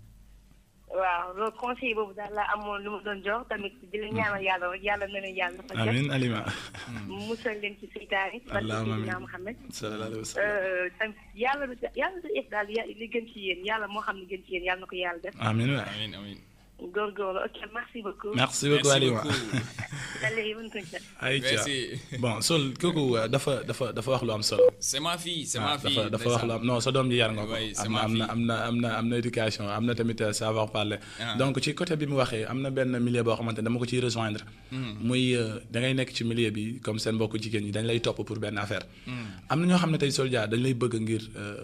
Speaker 6: waaw loolu conseil boobu daal laa amoon lu ma doon jox tamit di leen ñaanal yàlla rek yàlla na leen yàlla dafa jot amiin
Speaker 2: Alima [LAUGHS]
Speaker 6: musal leen ci seytaane allahumma amiin Muhammad
Speaker 2: sallallahu alayhi wa sallam
Speaker 6: euh, tamit yàlla yàlla dafa def daal li gën ci yéen yàlla moo xam ne gën ci yéen yàlla na ko yàlla def
Speaker 2: amiin
Speaker 6: merci beaucoup. merci beaucoup Aliou
Speaker 2: ayca bon sol kooku dafa dafa dafa wax lu am solo.
Speaker 1: c'est ma fille c'est ma fille. dafa dafa wax lu am
Speaker 2: non sa doom ji yar nga ko. am Amna, amna, amna éducation amna na tamit savoir parler. donc ci côté bi mu waxee am na milieu boo xamante ne dama ko ciy rejoindre. muy da ngay nekk ci milieu bi comme seen mbokku jigéen ñi dañ lay top pour ben affaire. Amna, na ñoo xam soldat, tey Souldia dañ lay bëgg ngir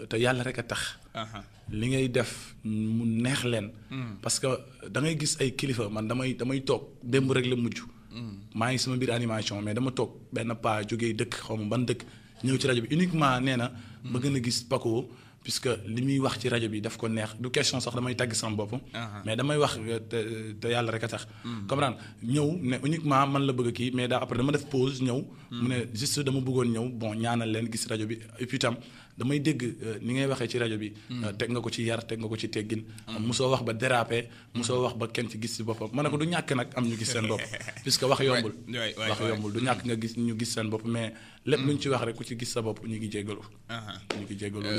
Speaker 2: te yàlla rek tax. Uh-huh. li ngay def mu neex leen. Hmm. parce que da gis ay kilifa man damay damay toog démb rek la mujj. Hmm. maa ngi sama biir animation mais dama toog benn paa jógee dëkk xaw ma ban dëkk ñëw ci rajo bi uniquement nee na. Hmm. bëgg na gis Paco puisque li muy wax ci rajo bi daf ko neex du question sox damay tàgg sama bopp. Uh-huh. mais damay wax te yàlla rek a tax. comprendre ñëw ne uniquement man la bëgg kii mais daa après dama def pause ñëw. mu ne juste dama bëggoon ñëw bon ñaanal leen gis rajo bi et damay dégg euh, ni ngay waxee ci rajo bi. Hmm. Euh, teg nga ko ci yar teg nga ko ci teggin. musoo hmm. euh, wax ba dérapé hmm. musoo wax ba kenn ci gis si boppam ma ne ko du ñàkk nag am ñu gis seen bopp. [LAUGHS] puisque wax yombul. wax yombul du ñàkk nga gis ñu gis seen bopp mais. lépp lu ñu wax rek ku ci gis sa bopp ñu ngi jéggalu. Uh-huh. ñu ngi jéggalu.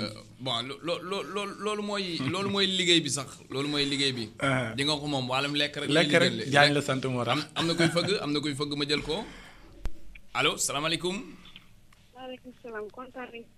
Speaker 1: bon loo loo loolu mooy. [LAUGHS] loolu mooy liggéey bi sax loolu mooy liggéey
Speaker 2: bi. Uh-huh. di ko
Speaker 1: moom wàllum lekk rek. lekk rek jaañ la sant moo tax am na kuy fëgg am na kuy fëgg ma jël ko allo salaamaaleykum.
Speaker 6: salaam kontaan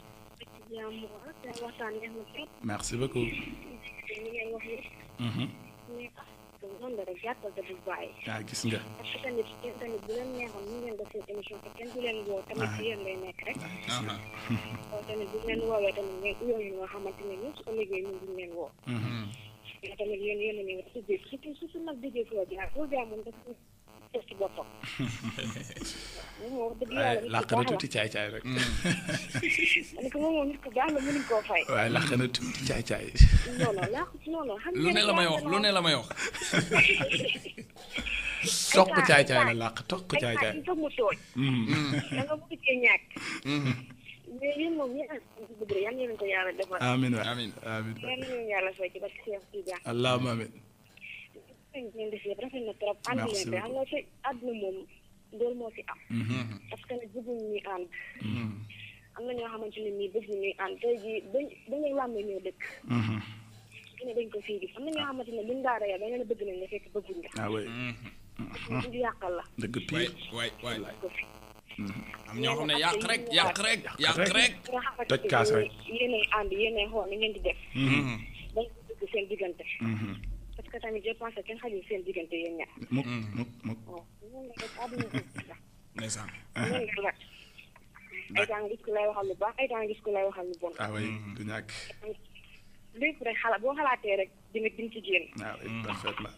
Speaker 2: merci beaucoup. Mm-hmm. Ah, ah gis nga. ah.
Speaker 6: ah. [LAUGHS] teg [LAUGHS] na tuuti caay caay [LAUGHS] ma ne ko moom moom nit ku baax lu ne la may wax lu ne la
Speaker 1: may wax. [LAUGHS]
Speaker 6: toq caay caay la làq toq caay caay. ay mu tooñ.
Speaker 2: Mm. Mm. da
Speaker 6: nga bëgg mm. ko ci barke Seex suñu dund si yëpp rafet na trop. ànd na te am nga ci àdduna moom loolu moo fi am. Mm-hmm. parce que nag bëgguñu ñuy ànd. Mm-hmm. am na ñoo xamante ne nii bëgg ñuy ànd tey jii bañ bañ a ñoo dëkk. ñu mm-hmm. ne dañ ko fii gis am na ñoo xamante ne buñ daara ya dañ leen bëgg nañ la fekk bëgguñ la. ah oui. du yàqal la.
Speaker 1: dëgg waay waay waay. am ñoo xam ne yàq rek yàq rek yàq rek.
Speaker 6: toj kaas rek yéenay ànd yéenay xool ni ngeen di def. dañ ko dugg seen diggante. que tamit je pense que kenn xajul seen diggante yéen ñaar.
Speaker 1: mukk mukk
Speaker 6: mukk. ndeysaan. ay temps gis ku lay waxal lu baax ay temps gis ku lay waxal lu bon. ah oui du ñàkk. lépp rek xalaat boo xalaatee rek dina ci génn.
Speaker 2: waaw parfaitement.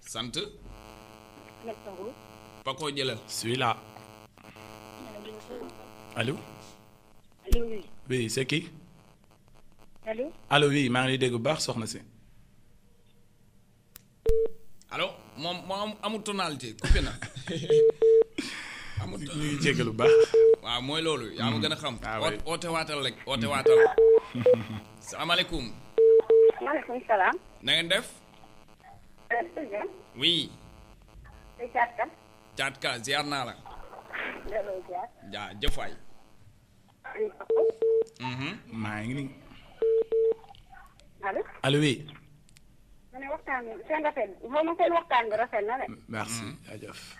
Speaker 2: sant. Pako celui-là. allo. Allô oui. c'est qui. Allô. Allô oui Marie Moi, lay soxna si.
Speaker 1: allo Je suis tonalité coupé na. [LAUGHS] amul Je suis mm. xam. suis ah, [LAUGHS] Salam oui. Thiat Ka ziar naa la. jaa jëf waay.
Speaker 2: Mhm. maa ngi nii. allo allo oui.
Speaker 6: ma ne waxtaan rafet moom seen waxtaan bi rafet na de.
Speaker 2: merci jaajëf. Mhm.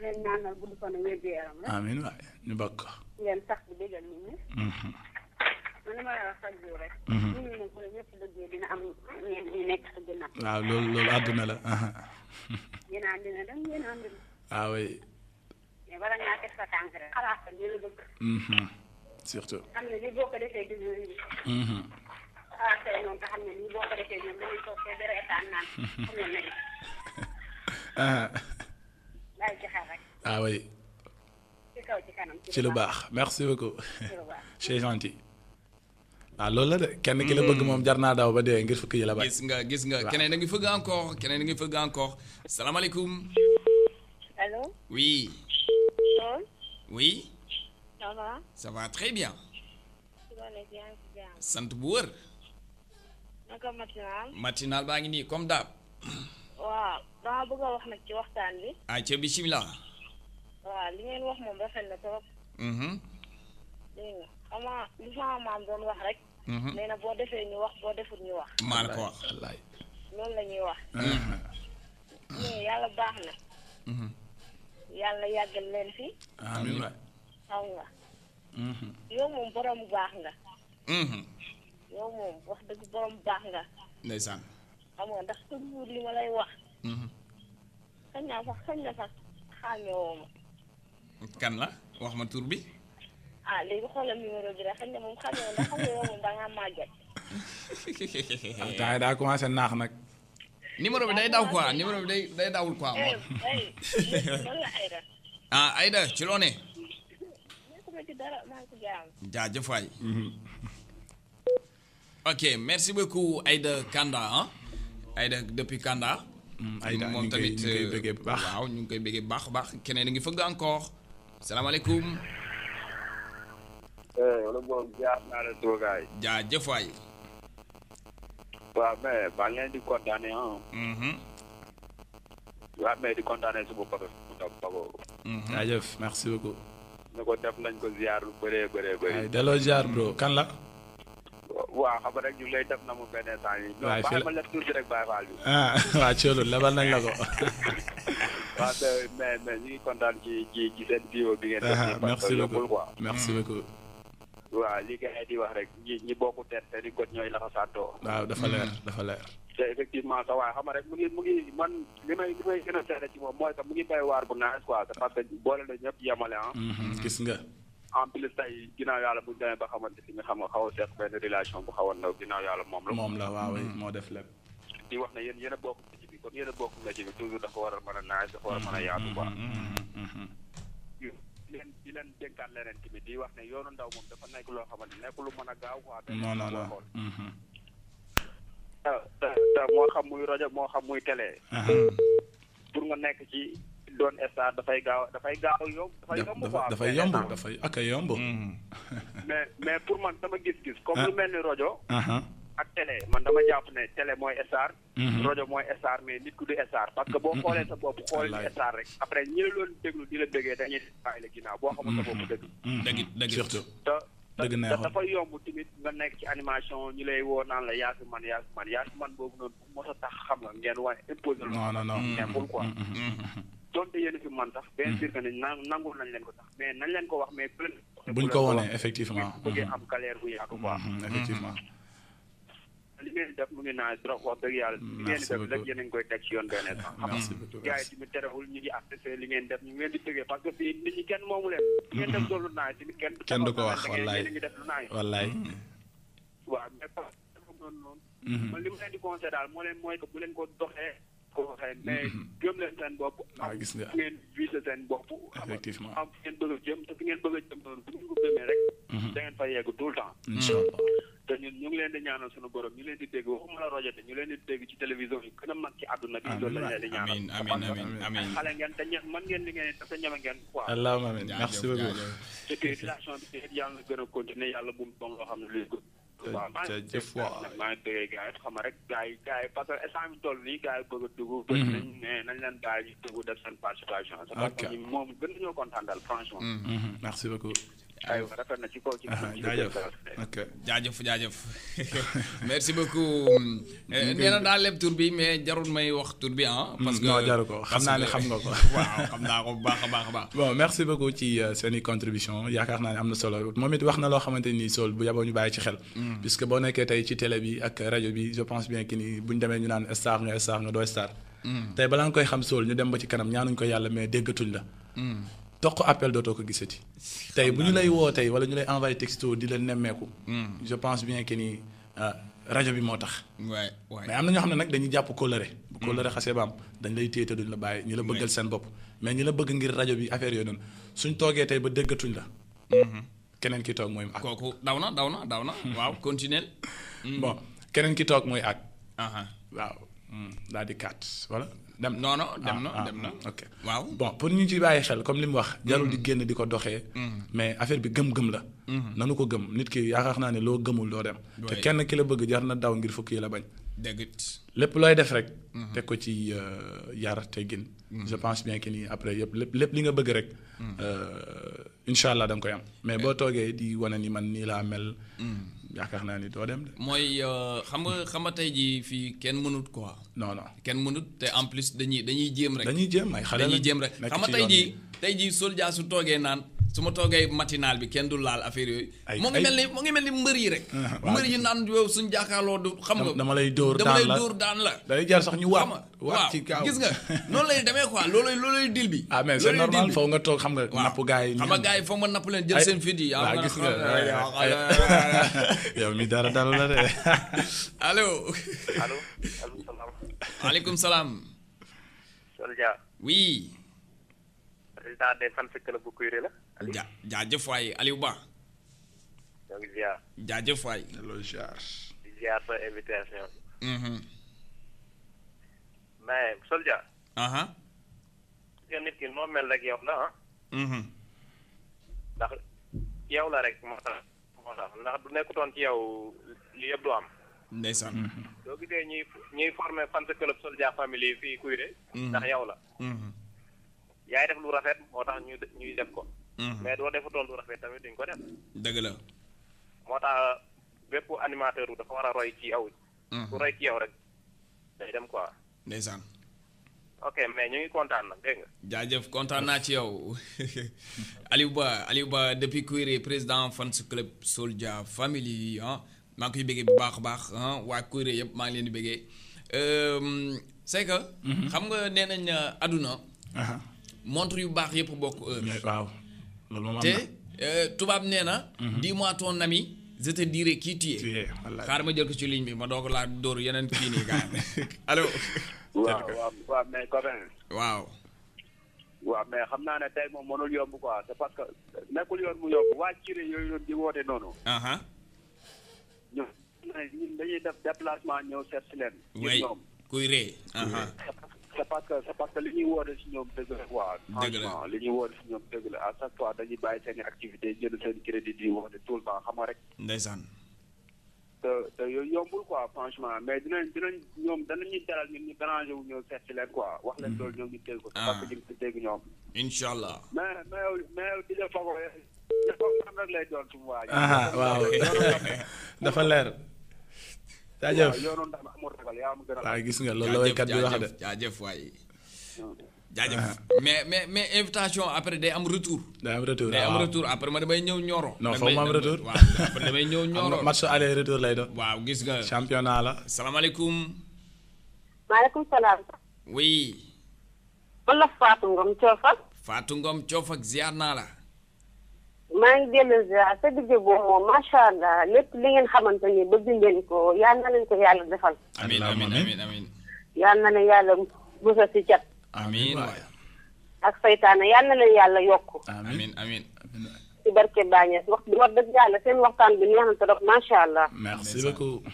Speaker 6: leen ñaanal gudd fan wér gu yaram rek. amiin
Speaker 2: waay ñu bokk.
Speaker 6: ngeen sax di déggal nit ñi. Mhm. ah
Speaker 2: oui. surtout. ah. oui. ci lu merci beaucoup. [LAUGHS] c'est gentil. Allô? Ah, loolu la de ki la bëgg moom jar naa ba ngir yi
Speaker 1: la encore oui. oui. ça va. ça va très bien. sant bu wër.
Speaker 6: naka matinal.
Speaker 1: matinal comme daab.
Speaker 6: waaw dama bëgg wax nag ci waxtaan
Speaker 1: bi.
Speaker 6: ah li ngeen wax mhm. ama li sama maam doon wax rek. Mhm. nee boo defee ñu wax boo deful ñu wax. maa la ko wax wallaay. loolu la ñuy wax. mais mhm. mm, yàlla baax na. Mhm. yàlla yàggal leen fi. amiin waay. nga. yow moom borom baax nga. yow moom wax dëgg borom baax nga. ndeysaan. xam nga ndax sa li ma lay wax. xëy naa sax xëy na sax xàmmeewoo ma.
Speaker 1: kan la wax ma tur
Speaker 2: bi. ah léegi nga daa commencé naax nag. numéro bi day daw quoi numéro bi
Speaker 1: ah Aïda ci loo ne. jaajëf waay. ok merci beaucoup Aïda Kanda ah. Aïda depuis Kanda. Aïda moom tamit waaw ñu ngi koy bëggee bu baax baax keneen a ngi fëgg encore salaamaaleykum.
Speaker 7: wala moom jaar naa la toogaay.
Speaker 1: jaajëf waay.
Speaker 7: di kontaane ah. Mm-hmm. waaw mais di
Speaker 2: mm-hmm. merci beaucoup.
Speaker 7: def nañ ko ziar lu bëree bëree bëri. waaye bro kan la. waaw xam def na mu benn temps yi. waaye fii la ma leb tuuti rek bàyyi [LAUGHS] ah, [LAUGHS] ñu ngi kontaan ci ci ah, merci beaucoup
Speaker 2: merci mm. beaucoup.
Speaker 7: waaw li gars di wax rek ñi ñi bokku teen te di got ñooy lafa
Speaker 2: waaw dafa leer mm. dafa leer
Speaker 7: te effectivement sa waaye xam nga rek mu ngi mu ngi man li may li may gën mooy que mu ngi bay waar bu naaj quoi que boole na ñëpp yemale ah mm-hmm, mm-hmm. gis nga en plus tey yàlla bu ñu ba xamante si xam nga xaw a seq benn relation bu xaw a ndaw ginnaaw
Speaker 2: yàlla moom la moom la waaw mm-hmm. moo def lépp
Speaker 7: di wax na yéen yéen a bokk nga ci bi kon yéen a bokk nga ci bi toujours dafa war a mën a naaj dafa war a mën a yaatu quoi leen di leen dénkaat leneen tamit di wax ne yoonu ndaw moom dafa nekk loo xamante nekk mën a gaaw quoi. non non non mm-hmm. ah, ah, moo xam muy rajo moo xam muy télé. Uh-huh. pour nga nekk ci doon star dafay gaaw dafay gaaw yomb. dafay yomb quoi
Speaker 2: dafay yomb mm-hmm.
Speaker 7: [LAUGHS] mais mais pour man sama gis-gis. comme ah. lu mel ni rajo. Uh-huh. ak télé man dama jàpp ne télé mooy star mhm. rajo mooy star mais nit ku du star parce que boo mhm. xoolee sa bopp xool ni star rek après ñi la déglu di la bëggee dañuy bàyyi la ginnaaw boo xamul sa bopp mhm. dëgg dëgg dafa yomb tamit nga nekk ci animation ñi lay woo naan la yaa fi man yaa fi man yaa fi man boobu noonu mos a tax xam nga ngeen wane imposé non non non nekkul quoi donte yéen fi man sax bien sûr que ne nangul nañ leen ko sax mais nañ leen ko wax mais buñ ko li ngeen di def mu ngi naan trop wax dëgg yàlla. Mm, li ngeen di def lépp yéen a koy teg ci yoon benn xam mm. gars yi tamit terewul ñu ngi apprécié li ngeen def ñu ngi di déggee parce que fii nit ñi kenn moomu li mm-hmm. ngeen def loolu naaj tamit kenn. kenn du ko wax wallaay wallaay. Mm-hmm. waaw mais mm-hmm. man li leen di conseillé daal moo leen mooy que bu leen ko doxee. ko waxee mais mhm. gëm leen seen bopp. ah gis nga am ngeen visé seen bopp.
Speaker 2: effectivement am
Speaker 7: ngeen bëgg jëm fi ngeen bëgg jëm noonu ngeen ko gëmee rek. Mhm. ngeen fa yegg tout le temps. incha allah te ñun ñu ngi ci télévision yi gën mag ci àdduna bi. loolu lañ di ñaanal
Speaker 2: amiin amiin amiin amiin xale
Speaker 7: ngeen te ngeen li ngeen di ñeme ngeen quoi. allahumma amiin merci beaucoup. te que relation bi yàlla gën a continuer yàlla bu mu doon xam ne luy jaajëf waaw maa ngi maa ngi déggee gars yi xam rek gars yi gars yi parce que instant bi toll nii gars yi bëgg a dugg. bëgg nañ mais nañ leen bàyyi dugg def seen participation. ok moom gën nañoo kontaan daal franchement. Mhm. merci beaucoup. aywa rafet na ci kaw ci. jaajëf ok jaajëf jaajëf
Speaker 1: merci beaucoup. nee na daal lépp tur bi mais jarul may wax tur bi ah. parce que non jaru ko xam naa ne xam nga ko. waaw xam naa ko bu baax a baax a baax.
Speaker 2: bon merci beaucoup ci seen i contribution yaakaar naa ne am na solo moom it wax na loo xamante ni sol bu yaboo ñu bàyyi ci xel. puisque boo nekkee tey ci télé bi ak rajo bi je pense bien que ni bu ñu demee ñu naan star nga star nga doo star. tey balaa nga koy xam sol ñu dem ba ci kanam ñaanuñ ko yàlla mais déggatuñ la. toq appel dootoo ko gisati. tey bu ñu lay woo tey wala ñu lay envoyé texto di la nemmeeku. Hmm. je pense bien que ni ah, rajo bi moo tax. waay waay mais am na ñoo xam ne nag dañuy jàpp kóllëre. bu hmm. kóllëre xasee ba dañ lay téye te duñ la bàyyi. ñu la bëggal seen bopp mais ñi la bëgg ngir rajo bi affaire yooyu noonu suñ toogee tey ba déggatuñ la. Hmm. keneen ki toog mooy. ak
Speaker 1: kooku daw na daw na daw na. waaw continuer. [LAUGHS] bon
Speaker 2: keneen ki toog mooy ak. waaw daal di kat wala. dem non non dem na ah, ah, dem na ok waaw bon pour ñu ci bàyyi xel comme li mu wax jarul di génn di ko doxee mm. mais affaire bi gëm-gëm la mm-hmm. nanu ko gëm nit ki yaakaar naa ne loo gëmul loo dem te kenn ki la bëgg jar na daw ngir fukki la bañ dëgg lépp looy def rek mm-hmm. teg ko ci euh, yar te gin mm-hmm. je pense bien que nii après yëpp lépp lépp li nga bëgg rek euh, incha allah da nga koy am mais eh. boo toogee di wane ni man nii laa mel mm. yaakaar naa ni doo dem de.
Speaker 1: mooy euh, xam nga xam nga tey jii fii kenn mënut ko non non kenn mënut te en plus dañuy dañuy jéem
Speaker 2: rek. dañuy jéem ay xale la dañuy jéem rek xam nga tey jii.
Speaker 1: tay ji soldat su toge nan suma toge matinal bi kendo lal affaire yoy mo ngi melni mo ngi melni mbeur yi rek. Ah, mbeur yi nan yow suñu jaxalo
Speaker 2: du. xam nga dama lay dóor dan la dama lay dóor dan la. da lay jar sax ñu waat
Speaker 1: waat ci kaw gis nga
Speaker 2: non lay demee quoi lolay lolay dil bi. ah mais c'est normal foofu nga tok xam nga. napp gaay yi xam nga gars
Speaker 1: yi foofu nga napp leen jël seen fit yi. waaw gis nga yow mi dara dara la de [LAUGHS] allo. allo. maaleykum salaam. Souldia. oui.
Speaker 5: président des fans club bu Kuyré la.
Speaker 1: ja jaajëf waay Aliou Ba. ñoo ngi ziar. jaajëf waay. loolu mhm.
Speaker 4: nit ki noo rek yow la ah. Mhm. ndax yow la rek moo tax moo tax ndax du nekkutoon ci yow li yëpp du am.
Speaker 1: ndeysaan. Mhm.
Speaker 4: soo gisee ñuy ñuy former fans club Soldia famille fii Kuyré. ndax yow la. yaay def lu rafet moo tax ñu ñuy def ko. Mhm. mais doo defutoon lu rafet tamit duñ ko def. dëgg la. moo tax bépp animateur bi dafa war a roy ci yow. Mhm. ku roy ci yow rek day dem quoi. ndeysaan. ok mais
Speaker 7: ñu ngi kontaan nag dégg
Speaker 1: nga. jaajëf kontaan naa ci yow [LAUGHS] Aliou Ba Aliou Ba depuis Kouiré président fans club Soldia family ah maa ngi koy bëggee bu baax a baax ah waa Kouiré yëpp maa ngi leen di bëggee euh, c'est que. Mhm. xam nga nee nañ àdduna. Euh, montre yu bax yëpp bokk heure. waaw loolu moom am na te tubaab nee na. dis-moi ton ami. je te dirai qui tu es. xaar ma jël ko ci ligne bi ma doog laa dóor yeneen kii nii gars allo.
Speaker 7: waaw waaw mais copain. waaw. waaw mais xam naa ne tey moom mënul yomb quoi c'est parce que nekkul yoon mu yomb waa Ciré yooyu doon di woote noonu. ñun dañuy def déplacement ñëw seet si leen. ñoom kuy ree. c'est parce que c'est parce que li ñuy woote si ñoom dëgg la quoi. dëgg la franchement li ñuy woote si ñoom dëgg la à chaque fois dañuy bàyyi seen i activités jënd seen crédit di woote tout le temps xam nga rek. ndeysaan. te te yooyu yombul quoi franchement mais dinañ dinañ ñoom danañu dalal ñun ñu dérangé wu ñëw seet si leen quoi wax leen mm. loolu ñoom ñu dégg ko. Ah. parce que ñu ngi si dégg ñoom.
Speaker 1: incha allah.
Speaker 7: mais mais mais di la foog. dafa am rek lay doon suñu waa ji. Ah, waaw [LAUGHS]
Speaker 2: dafa leer. jaajëf
Speaker 7: waaw gis nga loolu
Speaker 2: la
Speaker 1: mais mais mais invitation après day am
Speaker 7: retour.
Speaker 2: day am retour day ah, am ah. retour
Speaker 1: après ma damay ñëw Nioro. non foog ma am retour waaw
Speaker 2: après damay ñëw Nioro. [LAUGHS] match aller retour lay doon. waaw gis nga.
Speaker 1: championnat la. salaamaaleykum. maaleykum salaam. oui. man la Fatou Ngom Coof ak. Fatou Ngom Coof ak ziar naa la.
Speaker 6: maa ngi dellu ziar sa digg boobu moom macha allah lépp li ngeen xamante ni bëgg ngeen ko yal na leen ko yàlla defal. amiin
Speaker 1: amiin amiin
Speaker 6: yal na leen yàlla musal si cat. amiin ak saytaane yal na leen yàlla yokk.
Speaker 2: amiin amiin
Speaker 6: ci barke Bañes wax wax dëgg yàlla seen waxtaan bi neex na trop macha allah. merci beaucoup.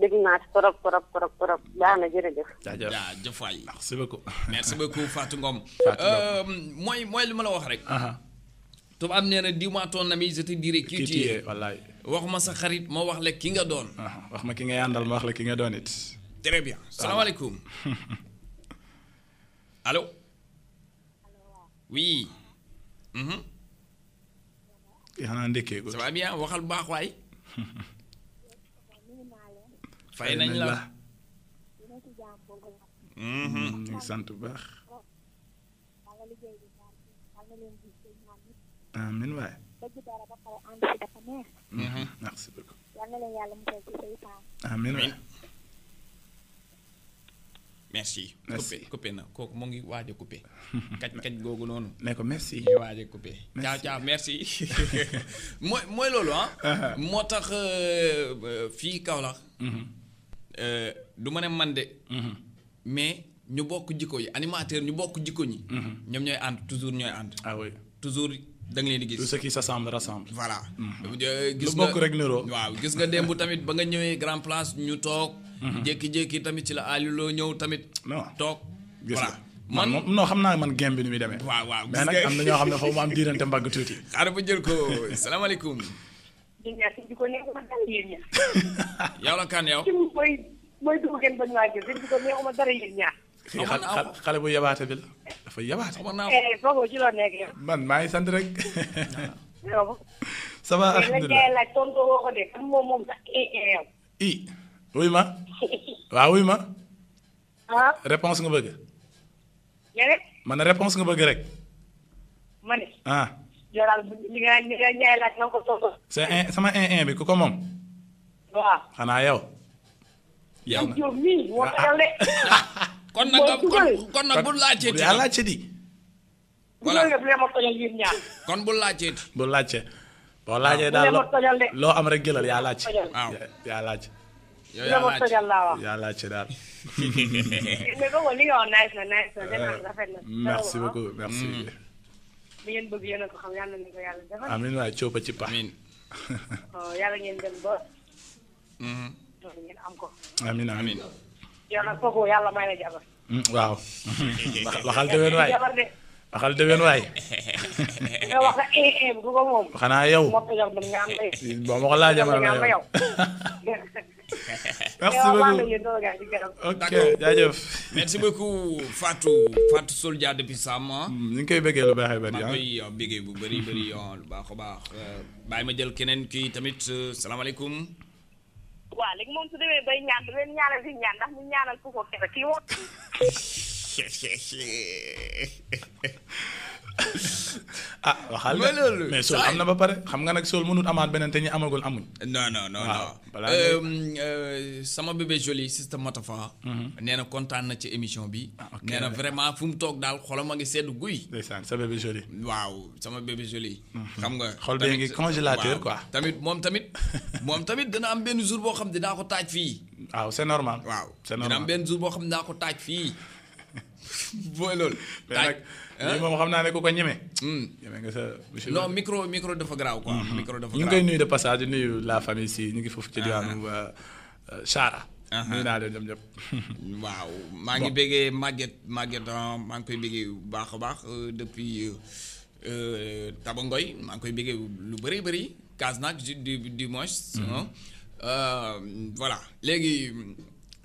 Speaker 6: dégg naa trop trop trop trop baax na jërëjëf. jaajëf
Speaker 2: jaajëf waay merci beaucoup. merci
Speaker 1: beaucoup Fatou Ngom. Euh, mooy mooy li ma la wax tubaab nee na dis-moi ton ami je te dirai qui tu es wallaay wax ma sa xarit ma wax la ki nga doon
Speaker 2: wax ki nga yàndal ma wax la ki nga doon it
Speaker 1: très bien salaamaaleykum allo oui
Speaker 2: kii xanaa ndekkee ko ça va bien waxal baax waay fay nañ la ñu ngi sant bu amiin waay.
Speaker 6: bëgg dara ba pare
Speaker 2: mhm. Mhm.
Speaker 1: merci beaucoup. yal kooku mu ngi waaj a coupé. [LAUGHS] kaj kaj googu noonu. ne ko merci. mu ngi waaj a coupé. caaw caaw merci. [LAUGHS] mooy mooy loolu ah. Uh-huh. moo tax euh, euh, fii Kaolack. Mhm. Euh, du ma ne man de. mais ñu bokk jikko yi animateur ñu bokk jikko ñi. ñoom ñooy ànd toujours ñooy ànd. Ah toujours. da nga leen di gis ce qui s'assemble rassemble voilà
Speaker 2: mm. gis nga bokk rek niroo waaw gis nga démb
Speaker 1: tamit ba nga ñëwee grand place ñu toog mm-hmm. jékki-jékki tamit ci la aliloo ñëw tamit toog
Speaker 2: voilà man non xam naa man game bi ni muy demee
Speaker 1: waaw waaw mais nag am na ñoo xam ne foofu mu am diirante mbagg tuuti [LAUGHS] xaaral ba jël ko salaamaaleykum
Speaker 6: [LAUGHS] yow la kan yow mooy mooy dugg ngeen bañ maa gis ko neexuma dara yéen ñaar fii
Speaker 2: xale bu yabaate bi la dafa yabaate. Eh, foofu ci la man maa ngi sant rek. sama [LAUGHS] va alhamdulilah i wuy ma [LAUGHS] waaw wuy ma. Ah. réponse nga bëgg. ma ne réponse nga bëgg rek. ma ne. Ah. sama un un bi ku ko moom. waaw xanaa yow. yow na [LAUGHS] kon nag bu laajtee bu bu laajtee boo laajee daal loo am rek jëlal yaa laajte. yaa laajte. yaa laajte daal. merci beaucoup merci.
Speaker 6: li ngeen a ko xam yàlla na ko yàlla defal. amiin
Speaker 2: waay coppa ci pa.
Speaker 6: yow nag foofu mm,
Speaker 2: waaw. waxal [LAUGHS] déwén waay waxal déwén waay. [LAUGHS]
Speaker 6: wax eh, eh, xanaa yow. moo ko jox nga am tey.
Speaker 2: [LAUGHS] la
Speaker 6: yow.
Speaker 2: ok jaajëf. merci beaucoup Fatou
Speaker 1: Fatou Soldia depuis Sàmm. ñu
Speaker 2: ngi koy bëggee baax a ah.
Speaker 1: euh, bu bëri lu baax a baax. Euh, bàyyi ma jël keneen kii tamit euh, salaamaaleykum.
Speaker 2: waaw léegi moom su demee
Speaker 6: bay ñaan du leen ñaanal di ñaan ndax mu ñaanal ku ko kese kii woo.
Speaker 1: [LAUGHS] [LAUGHS] ah
Speaker 2: waxal mais sol am na ba pare xam nga nag sol mënut amaat beneen te ñi amagul amuñ. non non non non. Euh,
Speaker 1: euh, sama bébé joli Sister Matafa. Mhm. nee na kontaan na ci émission bi. Ah, nee na vraiment fu mu toog daal xolam a ngi sedd guy. waaw sama bébé joli. Mhm. xam nga xol bee ngi congélateur quoi. tamit moom tamit [LAUGHS] moom tamit dana am benn jour boo xam ne dinaa ko taaj fii. waaw c'est normal. waaw c'est normal dina am benn jour boo xam dinaa ko taaj fii. booy loolu. mais moom xam naa ne ku ko ñeme.
Speaker 2: Hmm. ñeme nga sa monsieur. non
Speaker 1: micro micro dafa garaaw quoi. Hmm. micro dafa garaaw ñu ngi koy nuyu de
Speaker 2: passage nuyu la famille si ñu ngi foofu ci diwaanu ah, ah. Euh, euh, Chara. Ah, nuyu naa leen ñoom ñëpp. [LAUGHS] waaw maa ngi
Speaker 1: béggee Maguette Maguette maa ngi koy béggee bu baax a baax euh, depuis Tabangoy maa ngi koy béggee lu bëri bëri Kaas nag du du du moins. Hmm. voilà
Speaker 2: léegi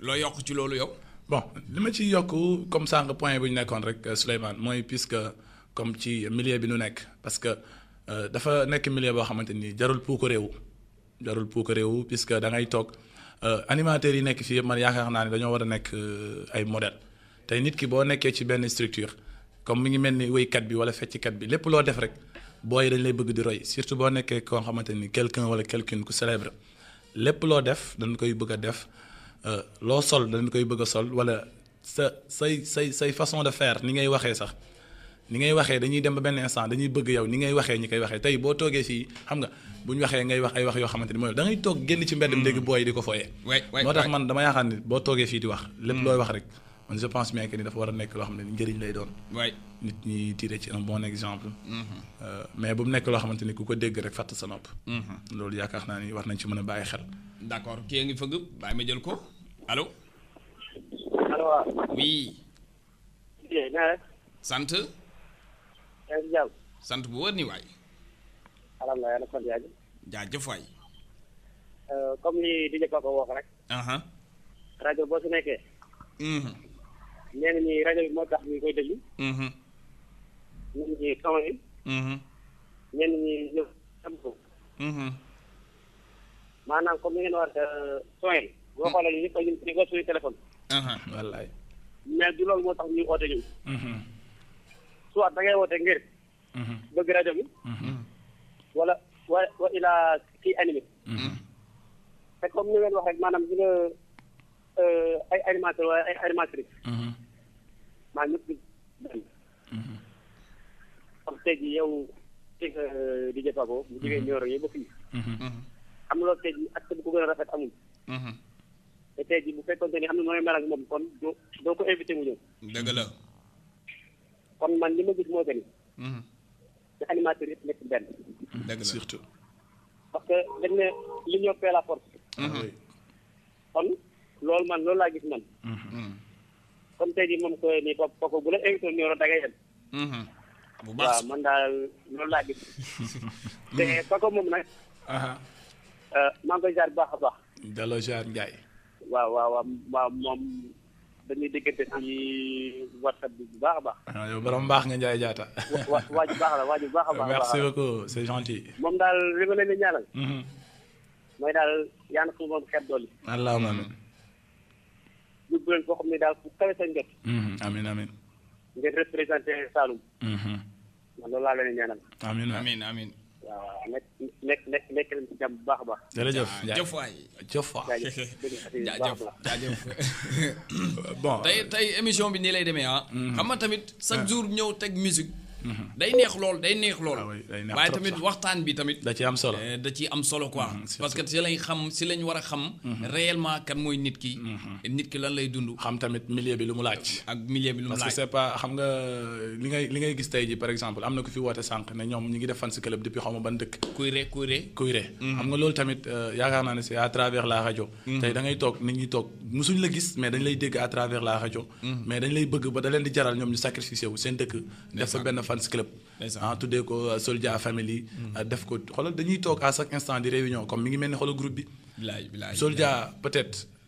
Speaker 2: loo yokk ci loolu yow. bon je ci comme ça point bu rek euh, Souleymane puisque comme ci milieu parce que euh, dafa nek milieu bo xamanteni jarul jarul puisque euh, yi man ay nit ki ci structure comme mi ngi melni ni kat bi wala kat bi lepp lo def rek boy dañ lay surtout quelqu'un wala quelqu'une célèbre lepp def dañ koy def Euh, loo sol dañ koy bëgg a sol wala sa say say say façon de faire ni ngay waxee sax ni ngay waxee dañuy dem ba benn instant dañuy bëgg yow ni ngay waxee ñi koy waxee tey boo toogee fii xam nga bu waxee ngay wax ay wax yoo xamante ni mooy da ngay toog génn ci mbedd mi léegi mm. booy di ko fooyee moo tax man dama yaakaar ni boo toogee mm. dafa war a nekk loo xam ne njëriñ lay doon. waay nit ñi tiré ci un bon exemple. Mm-hmm. Euh, mais bu mu nekk loo xamante ni ku ko dégg rek fàtt sa nopp. Mm-hmm. loolu yaakaar naa ni war nañ ci mën a bàyyi xel. d'accord kii a ngi fëgg bàyyi ma jël ko. allo. allo waaw.
Speaker 1: sant. sant bu wër ni waay.
Speaker 5: alhamdulilah. jaajëf waay. Euh, comme lii di njëkk a ko wax rek. rajo boo su nekkee. Mhm. nee nañu rajo bi moo tax ñu koy déglu. ñenn ñi xaw yi. ko. Mhm. Mhm. maanaam ngeen war a euh, boo xoolee ñu ñëpp dañuy dañu ko suñu téléphone. wallaay. mais du loolu moo tax ñuy oote ñun. Mhm. soit da ngay woote ngir. Mhm. bëgg rajo bi. Mhm. wala wa wa ilaa kii animé. te comme ni ngeen wax rek maanaam dina euh, ay animateur wala ay animatrice. maa ñëpp di benn. comme tey jii yow euh, di jëfandikoo. bu jógee Nioro yëpp ba fii. am loolu tey ak bu ko gën a rafet amul. te tey jii bu fekkoon te ni xam ne nooy mel moom kon doo doo ko invité mu ñëw. dëgg la. kon man li ma gis moo gën. Mhm. te animateur yëpp nekk benn. dëgg surtout. parce que dañ li l'union fait la force. Mhm. Ah kon loolu man loolu laa gis man. Mhm. kon tey jii moom koy nii kooku bu la invité woon ñëw da yem. bu baax man daal loolu laa gis. [LAUGHS] te kooku moom nag.
Speaker 2: Euh,
Speaker 5: maa ngi koy jaar bu baax a baax.
Speaker 2: delloo jaar Ndiaye.
Speaker 5: waaw waaw waaw moom dañuy déggante ci whatsapp bi bu baax a baax.
Speaker 2: waaw ah, yow borom baax nga Ndiaye Diatta.
Speaker 5: wa baax la waa ji baax a baax. merci
Speaker 2: beaucoup c'est gentil.
Speaker 5: moom daal li ma leen di ñaanal. Mm-hmm. mooy daal yaa ngi fi moom xeet doole. allahumma amiin. yóbbu daal fu sa njot.
Speaker 2: Mm-hmm, amiin amiin.
Speaker 5: ngeen représenté Saloum. Mm-hmm. man loolu laa leen ñaanal.
Speaker 2: amiin
Speaker 1: amiin amiin.
Speaker 5: waaw nekk nekk nekk nekk nañ ci jàmm bu baax a baax. jërëjëf ah, jëf waay jëf waay jaajëf [LAUGHS] jaajëf
Speaker 1: [LAUGHS] bon tey tey émission bi nii lay demee ah. Mm-hmm. xam nga tamit chaque jour ñëw teg musique. day neex lool day neex lool. Ah waaye tamit waxtaan bi tamit.
Speaker 2: da ci am solo eh,
Speaker 1: da ci am solo quoi. Mm-hmm, parce que si lañ xam si lañ war a xam. Mm-hmm. réellement kan mooy
Speaker 2: nit ki. Mm-hmm. nit ki lan lay dund. xam tamit milieu bi lu mu laaj. ak milieu bi lu mu laaj parce que c'est pas xam nga li par exemple am na ku fi woote sànq ne ñoom ñi ngi def fan si club depuis xaw ma ban dëkk. xam nga loolu tamit euh, yaakaar naa ne c'est à travers la rajo. tey da toog nit ñi toog musuñ la gis mais dañ lay dégg à la rajo. mais dañ lay bëgg ba da leen di jaral ñoom ñu sacrifice wu seen dëkk. fans club. ah tuddee ko euh, Soldia family. Mm. Euh, def ko xoolal dañuy toog à chaque instant di réunion comme mi ngi mel ni xoolal groupe bi. bilaay bilaay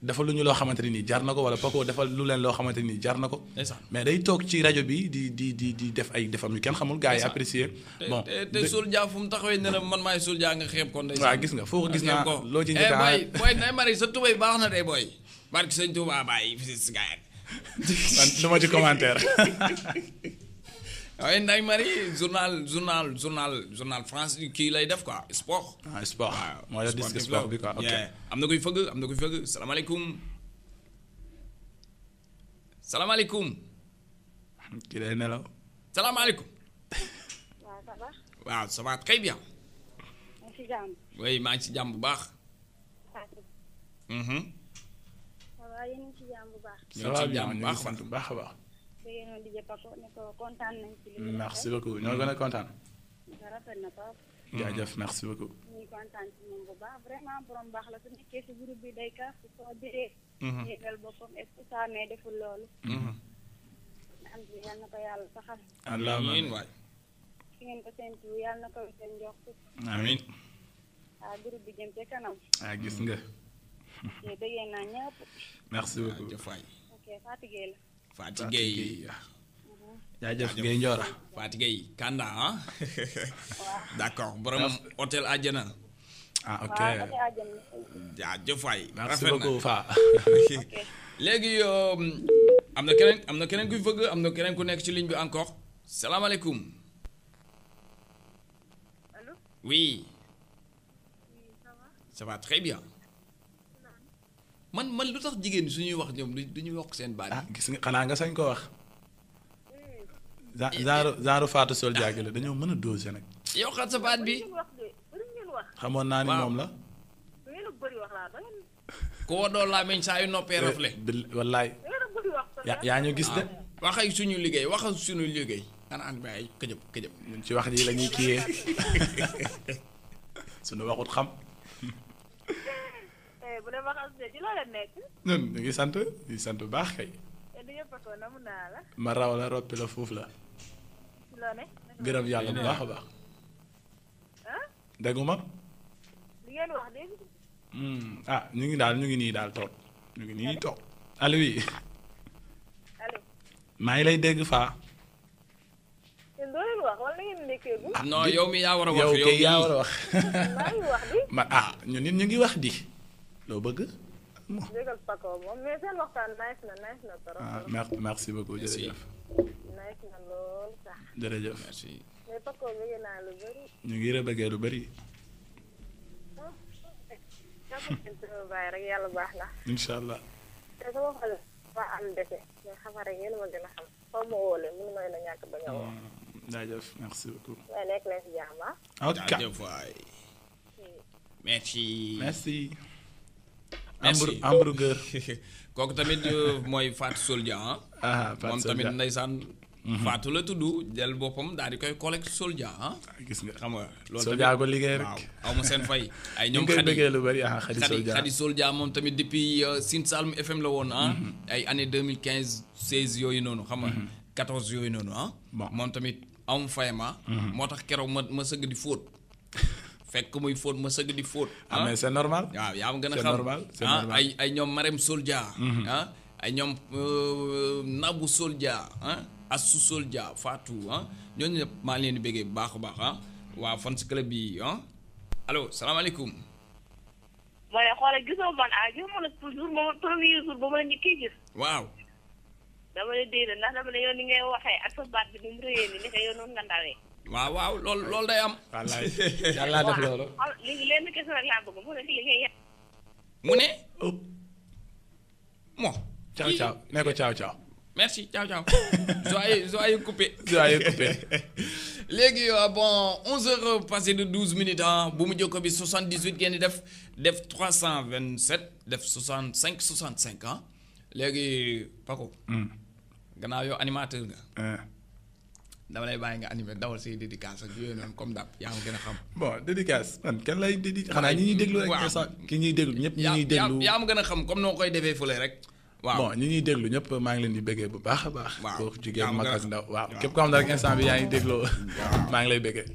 Speaker 2: defal lu ñu loo xamante nii jar na ko wala Paco defal lu leen loo xamante nii jar na ko. mais day toog ci rajo bi di di di def ay defam yu kenn xamul. gars yi apprécier bon te te
Speaker 1: fu mu taxawee ne la man maay Soldia nga xeeb ko. waaw gis nga foo gis naa loo ci njëkk a. eh booy mari sa tubay baax [LAUGHS] Oui, ah, journal journal journal journal France qui lay def quoi sport. ah sport Moi sport ok Salam alaikum. Salam Salam Salam Salam Salam alaikum. ça va. ça va très bien. On oui merci, ngi ci jàmm Merci.
Speaker 2: Mhm. Wa ça va
Speaker 6: jigéenu DJ Paco ne ko kontaan nañ ci li merci beaucoup
Speaker 2: ñoo gën a kontaan.
Speaker 6: rafet na trop.
Speaker 2: jaajëf merci beaucoup.
Speaker 6: ñuy kontaan ci moom bu baax vraiment borom baax la su nekkee si groupe bi day kaas su soo jëree. Mhm. yéegal boppam est ce deful loolu. Mhm. am na ko yàlla saxal. amiin waay. fi ngeen ah, groupe bi jëm ca kanam. ah gis nga. déggee naa ñëpp.
Speaker 2: merci beaucoup jëf waay.
Speaker 6: ok la.
Speaker 2: Fati Gueye
Speaker 1: jaajëf Gueye Fati Kanda ah [LAUGHS] d'accord borom hôtel Adjana ah ok jaajëf fay, rafet na fa léegi [LAUGHS] um, am na keneen am na keneen ku fëgg am na keneen ku nekk ci oui ça va très bien man man
Speaker 2: lu tax jigéen ñi su wax ñoom du ñu wokk seen baat. ah gis xanaa nga sañ ko wax. genre genre Fatou Sol Diagne dañoo mën a doser nag.
Speaker 1: yow xat sa baat bi.
Speaker 2: xamoon naa ni moom la. ku wodoo laa meñ
Speaker 1: saa yu noppee rafle. Eh, wallaay. yaa yaa ñu gis de. Ah. wax suñu liggéey wax
Speaker 2: suñu liggéey. dana ànd ba ay këjëb këjëb. ñun ci wax ji la ñuy kiiyee. [LAUGHS] suñu waxut xam. ñun ñu ngi sant di sant bu baax kay. Eh, ma raw la roppi la foofu la. gërëm yàlla bu baax a baax. déggu ma. li hmm, ah ñu ngi daal ñu ngi nii daal toog ñu ngi nii toog allo yi. maa ngi lay dégg faa. Ah, non yow yow kay yaa war a wax. nit ñu ngi wax di. loo bëgg.
Speaker 6: jégal Paco moom mais seen waxtaan neex na neex na trop. ah
Speaker 2: merci merci beaucoup jërëjëf.
Speaker 6: neex na lool sax.
Speaker 2: jërëjëf merci.
Speaker 6: mais Paco bëgg naa lu bëri.
Speaker 2: ñu ngi rëbëggee lu bëri.
Speaker 6: bàyyi rek yàlla baax na. incha allah. te sama xol ba am dese. mais xamal rek yéen ma gën a xam. xaw ma woo leen mënu ma
Speaker 1: la
Speaker 2: ñàkk ba nga woo. jaajëf merci beaucoup.
Speaker 6: waaye nekk leen si jàmm ah.
Speaker 2: ok jaajëf waay.
Speaker 1: merci. merci. merci hamburger [LAUGHS] kooku tamit euh, mooy Fatou Soldia ah, ah moom tamit ndeysaan mhm. Fatou la tudd jël boppam daal di koy collect Soldia ah. ah. gis nga xam nga loolu Soldia ko liggéey rek waaw aw ma seen fay. [LAUGHS] ay ñoom xadi bëggee lu bari ah, moom tamit depuis euh, Sine Saloum FM la woon ah. Mhm. ay année deux mille quinze seize yooyu noonu xam nga. Mhm. quatorze yooyu noonu ah. moom tamit aw ma fay ma. moo tax keroog ma ma sëgg di fóot. fekk muy fóot ma sëgg di fóot ah mais c'est normal ah, waaw yaa ma gën a xam ah, normal ay ay ñoom marem soldia mhm. ah ay ñoom euh, nabu soldia ah asu soldia fatou ah ñooñu ñëpp maa leen di béggee bu baax a baax ah waa fan si club bi ah allo salaamaaleykum
Speaker 6: ma ne xoolal gisoo man ah gis ma la toujours ma premier jour ba ma la njëkkee gis waaw dama la dégg ndax dama la yow ni ngay waxee ak sa baat bi ni mu rëyee ni nga yow noonu nga ndawee
Speaker 1: waaw waaw loolu loolu day am. wallaay [LAUGHS] yàlla def
Speaker 6: loolu.
Speaker 2: mu ne. Moi ciao ciao ne ko ciao ciao.
Speaker 1: merci ciao ciao. soyez [LAUGHS] soyez coupé. soyez coupé. [LAUGHS] léegi euh, bon 11 heures passé de 12 minutes ah bu mu bi 78 Genni def def 327 def 65 65 pas léegi Paco. Hmm. gannaaw yow animateur nga. Eh. dama lay bàyyi nga animé dawal say dédicace yooyu noonu comme dab yaa ngi gën a xam.
Speaker 2: bon dédicace man kenn lay dédicace. xanaa ñi ñuy déglu ki ñuy déglu ñëpp ñi ñuy déglu.
Speaker 1: yaa ma gën a xam comme noo koy defee fële rek.
Speaker 2: waaw bon ñi ñuy déglu ñëpp maa ngi leen di béggee bu baax a baax. waaw boo jugee mag ak ndaw waaw képp koo xam ne rek instant bi yaa ngi dégloo. [LAUGHS] maa ngi lay béggee.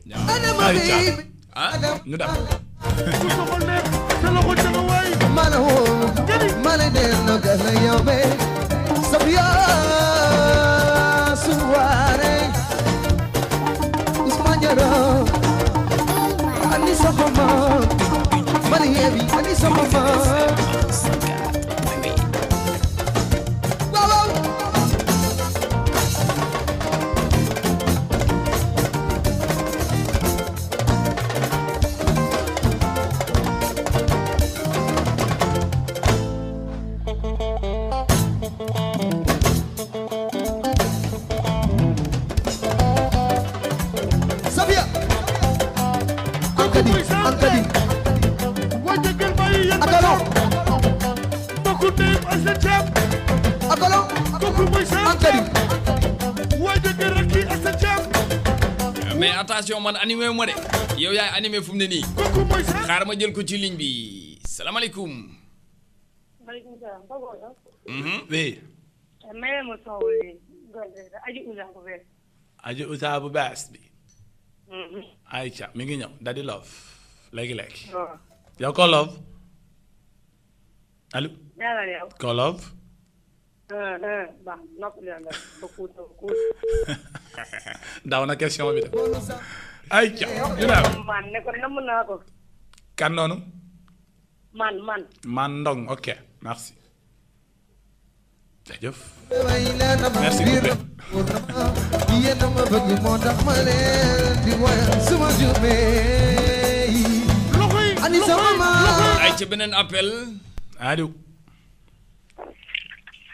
Speaker 2: ah ñu dab.
Speaker 8: yow yara ani sama ma mari yebi ani sama ma
Speaker 1: attention man animé ma de yow yaay animé fu ne nii xaar ma jël ko ci ligne bi salaamaaleykum.
Speaker 6: maaleykum salaam. Mhm. oui.
Speaker 2: aji usa bu bees bi. Mhm. ayca mi ngi ñëw da love léegi léegi. yow ko love allo. ko love. Daaw na question bi de. ay ca ñu
Speaker 6: man ne ko namm naa ko. kan noonu. man man.
Speaker 2: man ndong ok merci. jaajëf. merci beaucoup.
Speaker 8: yéen a ma Aduh. tax ma
Speaker 2: di suma
Speaker 1: ay appel.
Speaker 2: allo.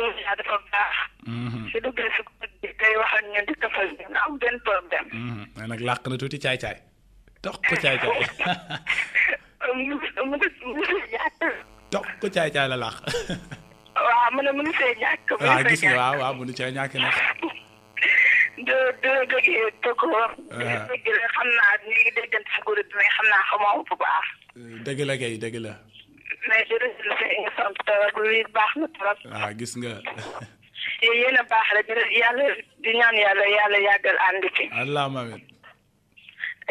Speaker 6: suuf dafa baax. Mhm. su duggee si bi day wax ak ñun di tafal ñun am benn problème.
Speaker 2: Mhm. mais nag làq na tuuti caay caay. toq ko caay caay.
Speaker 6: [LAUGHS] mu mu mu
Speaker 2: toq ko caay caay
Speaker 6: see ñàkk. Ah,
Speaker 2: waaw gis see ñàkk nag.
Speaker 6: [LAUGHS] doo doo déggee tëkk wax. Ah. dégg la xam naa ñu ngi déggante si groupe bi mais xam naa xamoo bu baax.
Speaker 2: dëgg la kay dëgg la. ah gis nga
Speaker 6: yéen a baax rek yàlla di ñaan yàlla yàlla yàggal
Speaker 2: ànd ci allah mamin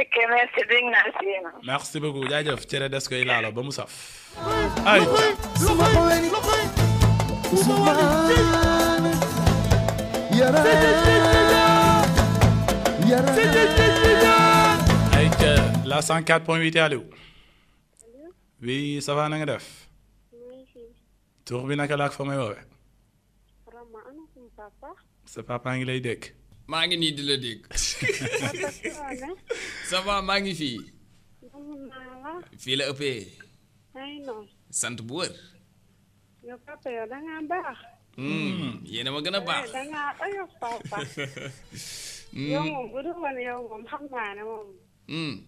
Speaker 6: ok merci dégg naa si yéen
Speaker 2: merci beaucoup jaajëf cere des koy laalo ba mu saf
Speaker 8: ay yara
Speaker 2: yara ay ca la 104.8 Aliou oui ça va na nga def. tur bi naka la ak fa may woowe sa papa ngi lay dégg.
Speaker 1: maa ngi nii di la dégg. ça maa ngi fii. fii la ëppee. sant bu wër.
Speaker 6: Hmm, yow papa
Speaker 1: ma gën a baax.
Speaker 2: da moom
Speaker 6: bu dul woon yow moom xam naa ne
Speaker 2: moom.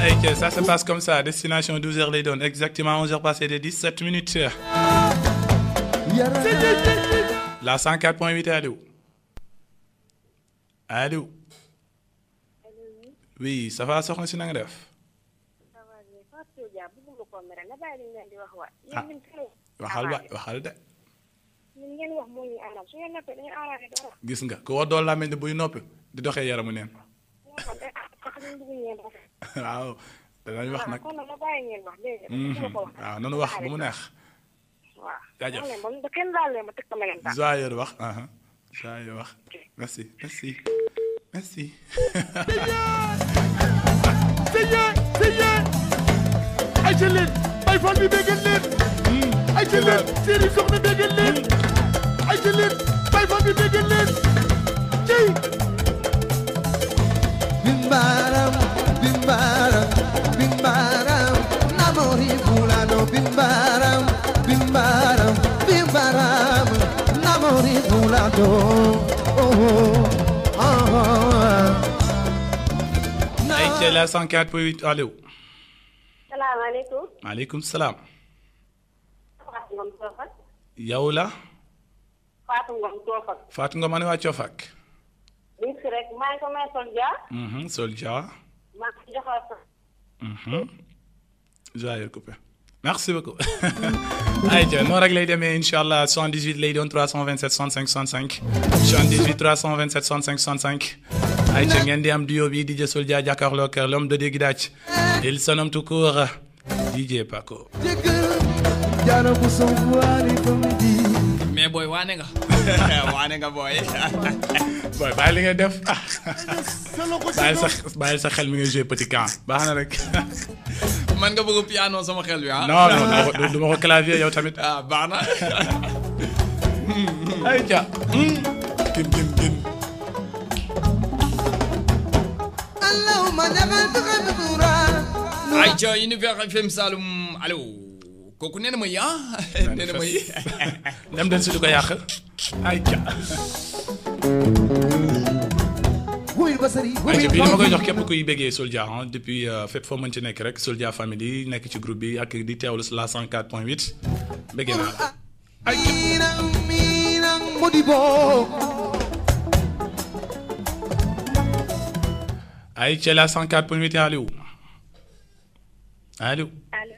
Speaker 2: Et ça se passe comme ça. Destination 12h les donne. Exactement 11h passé des 17 minutes. La 104.8 allô. Allô. Oui, ça va soxna si na nga def. ah
Speaker 6: waxal waay waxal
Speaker 2: de. gis nga ku wax doon laa mel ni buy noppi di doxee yaramu neen. waaw danañ wax nag
Speaker 6: waaw nanu wax ba mu neex jaajëf joyeur
Speaker 2: wax joyeur wax merci merci merci
Speaker 8: seigneur seigneur ay ci leen bay fal bi bégal leen ay ci leen séri soxna bégal leen ay ci leen bay fal bi bégal leen ci mbaram
Speaker 2: la 104 point 8 allo.
Speaker 6: salaamaaleykum.
Speaker 2: maaleykum salaam. yow la.
Speaker 6: Fatou Ngom Coofak.
Speaker 2: Fatou Ngom ma ne waa Coofak.
Speaker 6: bis rek maa ngi ko may Soldia. Soldia. maa
Speaker 2: euh, mm-hmm. merci beaucoup. [LAUGHS] Aïe, noonu rek lay demee incha allah 78 lay doon 327 65 65 78 327 65 65. ayca ngeen di am duo bi DJ Souldia de kër l'homme de dégg il se nomme tout court DJ Paco. ne booy waane nga wane nga boy boy bay li nga def bay sax bay sax xel mi nga jouer petit camp baxna rek
Speaker 1: man nga bëgg piano sama xel wi ha non
Speaker 2: non duma ko clavier yow tamit ah baxna
Speaker 1: ay ja kim kim kim
Speaker 8: Allahumma nabal tuqa
Speaker 1: bi ay ja fi FM salum allo kooku nee na ma yi nee na ma dem [LAUGHS] dem si du ko yàq ay ca ayca
Speaker 8: koy jox
Speaker 2: képp kuy béggee je ah depuis euh, fépp foo mën ci nekk rek Souldia Family nekk ci groupe bi ak di teewlu la 104 point 8 ay la 104.8, point 8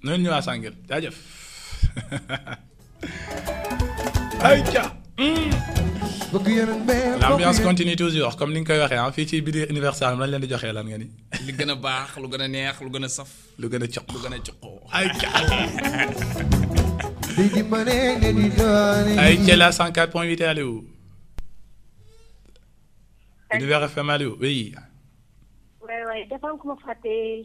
Speaker 2: [LAUGHS] Mmh.
Speaker 8: l'ambiance continue
Speaker 2: toujours comme ni nga koy waxee ah fii ci biir Universal lañ leen di joxee lan nga ni.
Speaker 1: li gën a lu gën a neex lu gën saf.
Speaker 2: lu gën a lu gën a la 104.8 Univers FM oui.
Speaker 6: Oui, oui,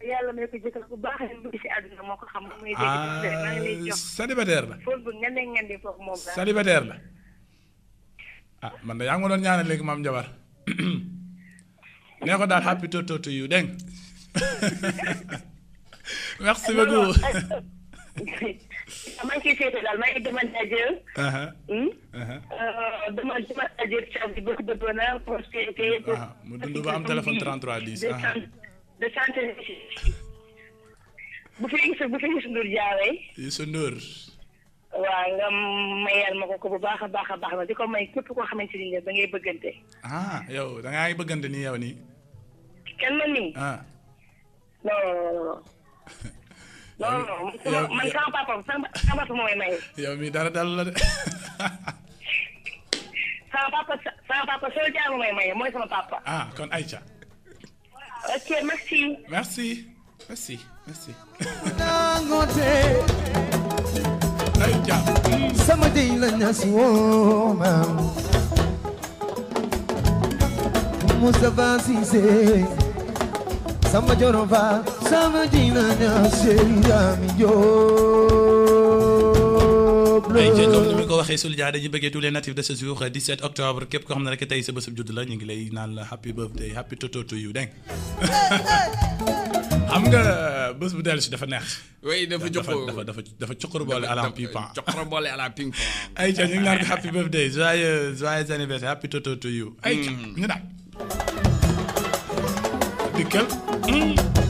Speaker 6: Ya may ko jëkkër bu baax bëgg si àdduna moo ko xam muy dégg célibataire la fóot bu
Speaker 2: ah man yang yaa ngi ma doon ñaanal léegi maam jabar ko daal happy to to you dégg merci beaucoup
Speaker 6: maa ngi ciy seetlu daal maa ngi demande à Dieu. demande demande à Dieu bi bëgg dëppoo naa prospérité. mu dund ba am téléphone 33 10 de santé bu fi Youssou bu fi Youssou Ndour jaawee Youssou Ndour waaw nga mayal ma ko ko bu baax a baax a baax na di ko may képp koo xamante da ngay bëggante
Speaker 2: ah yow da ngay bëggante ni yow ni kenn man ni ah non non non man [LAUGHS] sama
Speaker 6: papa sama papa mooy may
Speaker 2: yow mi dara dal la
Speaker 6: sama papa sama papa soo jaamu
Speaker 2: may may mooy sama papa ah kon Aïcha ok merci. merci merci merci.
Speaker 8: sama dey la ñaasi woo maam Moustapha sama joro sama dey la ñaasi yaami
Speaker 2: joob waxee sulu jaare ji bëggee tous les natifs de ce jour 17 octobre képp koo xam ne rek tey sa bésub judd la ñu ngi lay naan la happy birthday happy toto to you dégg xam nga bés bu dellu si dafa neex. oui dafa jokkoo dafa dafa dafa cokkoro boole à la ping pong. cokkoro boole à la ping pong. ay ayca ñu ngi naan ko happy birthday joyeux joyeux anniversaire happy toto to you. ay ayca ñu daal. dikkal.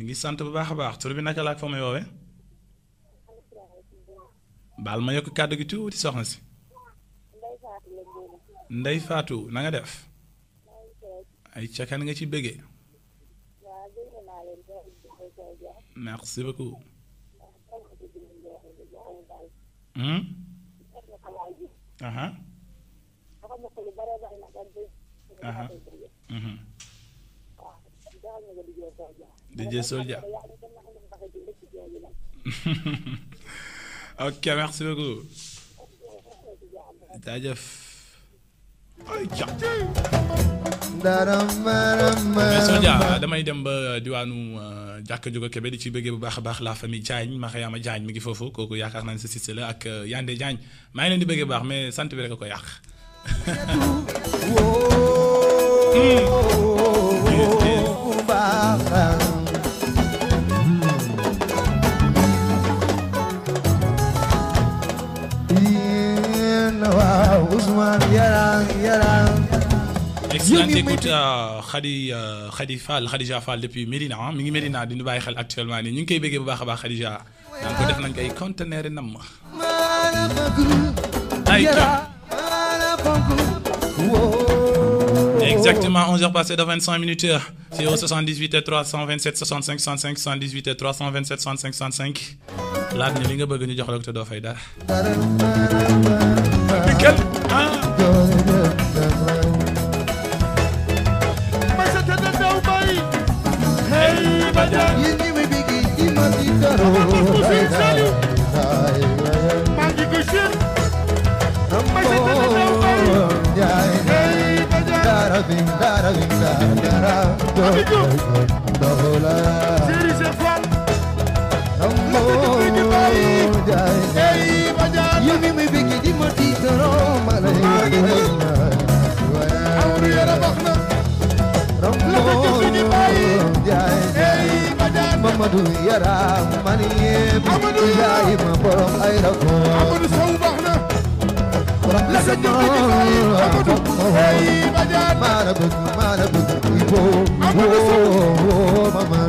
Speaker 2: ñu ngi sant bu baax a baax tur bi naka la ak fa may woowee. baal ma yokk kàddu gi tuuti soxna si. Ndey Fatou na nga def. ay cakan nga ci bëggee. merci beaucoup. Hmm? aha aha hmm. DJ [LAUGHS] Soldia. damay dem ba diwaanu euh, jàkka jóg Kébé di ci bëggee bu baax a baax la famille Diagne Mariama Diagne mi ngi foofu kooku yaakaar naa ne sa siste la ak euh, Yande Diagne maa leen di bëggee baax mais sant bi rek a ko yàq. [LAUGHS] Hmm. Excellente écoute Khadi euh, Khadija euh, Fall depuis Médina hein. mi ngi Medina, di ñu bàyyi actuellement nii ñu ngi koy bu a Khadija naan ko def nañ ko conteneur Exactement 11h passé de 25 minutes c'est au 78 327 65 65 78 327 65 65 Là, ñu li nga bëgg ñu jox la te doo fay a ah
Speaker 8: ma sa tëdd daw bay hey bada yi ni mi bigi di ma di daro ma ngi ko seen ma sa tëdd daw bay hey bada dara ding dara ding dara dara Amadou Yara man yéem Ibrahima ay rakoo Amadou Sow baax na la ay bajaan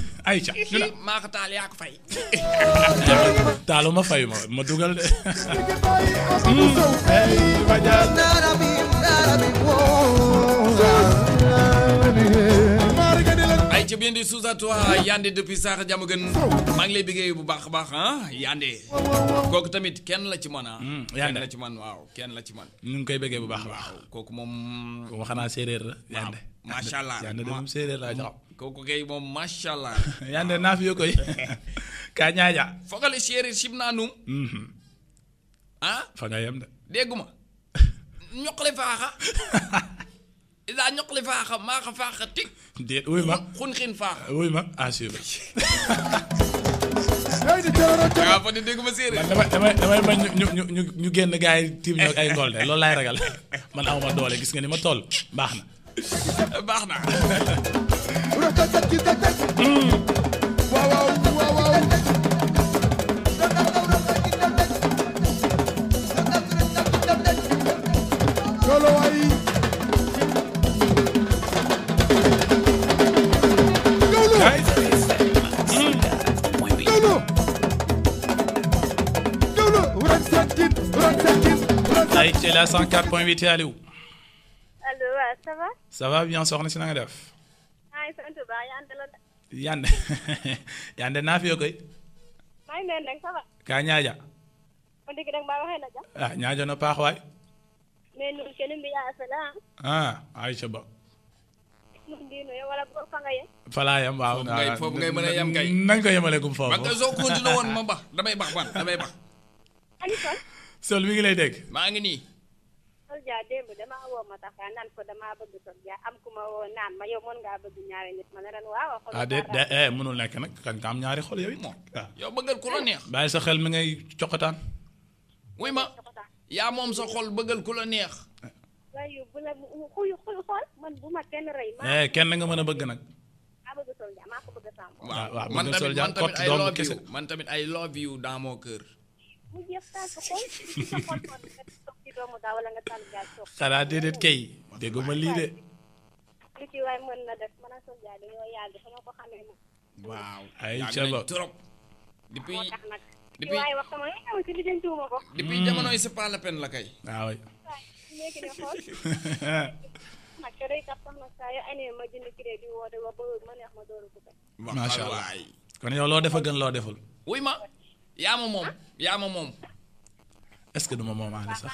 Speaker 1: ayca ñu na maa ko taal [LAUGHS]
Speaker 2: ma fay ma ma dugal de.
Speaker 1: ay [LAUGHS] ca bien di Sousa toi Yande depuis saax jam gën maa ngi lay bégee bu baax a baax ah Yande. kooku tamit kenn la ci man ah. Yande hmm, kenn la ci man waaw kenn la ci man.
Speaker 2: ñu ngi koy bégee bu baax a baax. kooku moom. waxanaa séeréer la Yande. macha allah Yande de moom séeréer laa jox.
Speaker 1: kooku kay moom macha allah.
Speaker 2: [LAUGHS] yande naaf yo koy ka ñaaja
Speaker 1: fogale séeréer simna num
Speaker 2: mhm. ah fa nga yem de
Speaker 1: dégguma [LAUGHS] ñoqle faaxa daa ñoqle faaxa maaxa faaxa tig ma xun ah, dégguma séeréer damay damay bañ ñu ñu ñu ñu génn gars yi tiim ñoo ay ngool de loolu laay ragal
Speaker 9: man amuma doole gis nga ni ma toll baax na baax na [LAUGHS]
Speaker 2: C'est la 104.8 et allô
Speaker 6: ah, ça va
Speaker 2: Ça va bien, sûr, sort les.
Speaker 6: may [LAUGHS] sant dạ. Ba yande la de.
Speaker 2: yande yande naafiyo koy.
Speaker 6: maa ngi leen rek ça va. kaa ñaaja. kon dëgg dag mbaa waxee na ja.
Speaker 2: ah ñaaja no paax waay.
Speaker 6: mais nun
Speaker 1: kene mbiya a fela
Speaker 2: ah Aïcha Ba.
Speaker 1: nun diino yo wala bor fanga ye.
Speaker 2: falaa yam waaw ngay foofu ngay mën a yam kay. nañ ko yemale gum foofu. parce que soo continué woon ma ba
Speaker 1: damay bax ban damay bax. ani sol.
Speaker 2: sol mi ngi lay dégg.
Speaker 1: maa ngi nii. Dia
Speaker 6: damaa woo ma tax naan ko de ah, de
Speaker 2: eh, mënul nekk nag kan nga am ñaari xol yow it moom. Ah. Ah.
Speaker 1: yow bëggal ku la neex.
Speaker 2: bàyyi sa xel mi ngay coqataan. wuy ma yaa moom sa xol
Speaker 1: bëggal ku la neex.
Speaker 6: waaye bu la eh, kenn nga mën a bëgg nag. maa bëgg Soxna
Speaker 1: maa ko man tamit man ay love you man tamit
Speaker 6: [LAUGHS]
Speaker 2: xanaa déedéet kay dégguma lii de. waaw ay ca ba trop.
Speaker 1: depuis
Speaker 6: depuis depuis hmm. jamonoy
Speaker 1: c'est pas la peine la kay. waaw.
Speaker 2: macha allah kon yow loo def a loo deful.
Speaker 1: wuy ma yaa ma moom yaa ma moom.
Speaker 2: est-ce que du ma moomaale sax.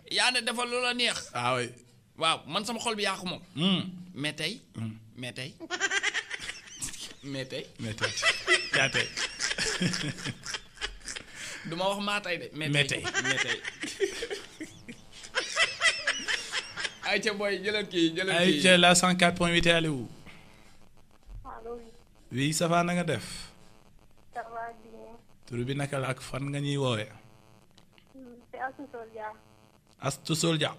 Speaker 1: yaa defal neex. ah oui waaw man sama xol bi ma de.
Speaker 2: la 104.8 allez où. oui ça va na def. ça bien. bi ak fan astu soldia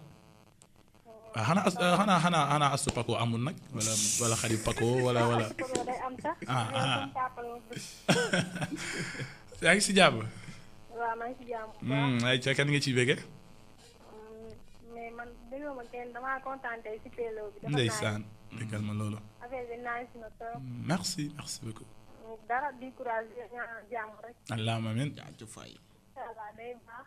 Speaker 2: waaw xanaa as xanaa xanaa xanaa astu pako amul nag wala wala xarit pako wala wala ah ah yaa ngi si jàmm. waaw maa ngi si jàmm. ay ca kan nga ciy bëgge.
Speaker 6: mais man déggoo ma kenn damaa kontaan tey si pélo bi. dafa ndeysaan
Speaker 2: déggal ma loolu.
Speaker 6: affaire bi naaj na trop.
Speaker 2: merci merci beaucoup.
Speaker 6: dara di courage ñaan jàmm rek.
Speaker 2: allahumma amiin. jaajëf fay.
Speaker 6: ça va day baax.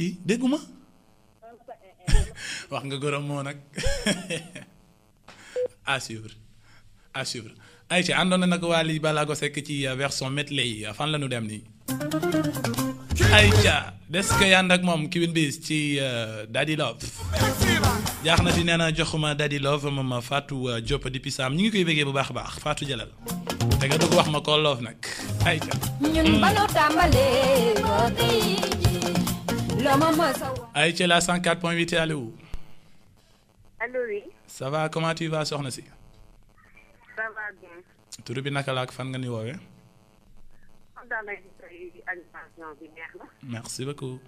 Speaker 2: i dégguma [LAUGHS] wax nga gërëm moo nag à [LAUGHS] suivre à suivre Aïcha àndoon na nag Wally Ballago Seck ci euh, version medley fan la ñu dem nii Aïcha des ko yànd ak moom Queen Biz ci euh, Daddy Love jaax na ci nee na joxuma Daddy Love moom Fatou euh, Diop depuis Sam ñu ngi koy bëggee bu baax baax faatu Jalal te nga dugg wax ma ko love nag Aïcha ñun Aïcha, la 104.8, allô Allô, oui. Ça va, comment tu vas, soxna si? Ça va bien. tur bi naka la ak fan nga ni woowee.
Speaker 6: kontaan nañu ci animation bi neex na.
Speaker 2: merci beaucoup.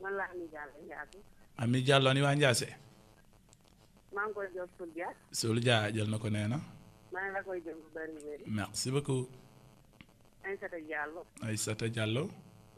Speaker 6: man la Ami Diallo Ndiasse.
Speaker 2: Ami Diallo ni waa Ndiasse.
Speaker 6: maa ngi koy jox Soudia.
Speaker 2: Soudia jël na ko nee na.
Speaker 6: maa ngi la koy jël bu bëri
Speaker 2: merci beaucoup.
Speaker 6: Aïssata Diallo.
Speaker 2: Aïssata Diallo.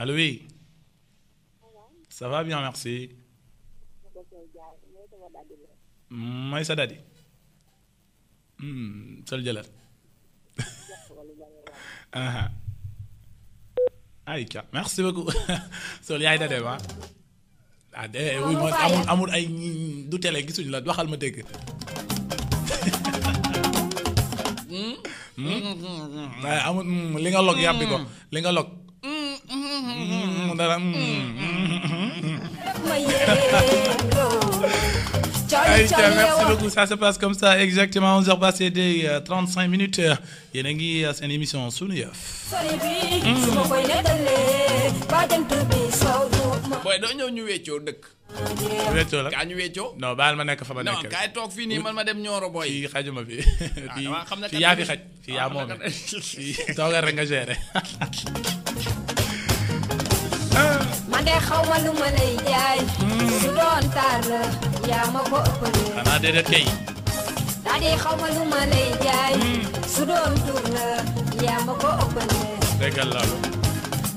Speaker 2: Allô, Ça va bien, merci. ça dadi Ça je merci beaucoup So yaay dade ba ah, ah amour, amul ay du la waxal ma amul li dara ayca merci beaucoup ça se passe comme ça exactement onze heures passées des euh, trente cinq minutes yéen a ngi euh, seen émission sunu yëf booy doo ñëw ñu weccoo dëkk weccoo la kaa ñu weccoo non baal ma nekk fa ma nekk kaay toog fii nii man ma dem ñooro booy fii xajuma fi ah, fii yaa fi xaj fii yaa ah, moom fii toogal rek nga géré [LAUGHS]
Speaker 3: ande xawma lu ma lay jaay hmm. su doon taar la yaa ma ko ëppale
Speaker 2: xanaa déedéet kay
Speaker 3: daa di xawma lu ma lay jaay su doon tuur la yaa ma ko ëppale déggal la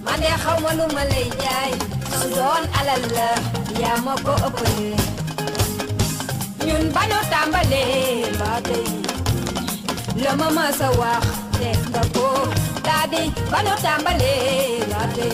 Speaker 3: man de xawma lu ma lay jaay su doon alal la yaa ma ko ëppale ñun bañu tàmbalee ba tey la ma ma sa wax def nga ko daa bañu tàmbalee ba tey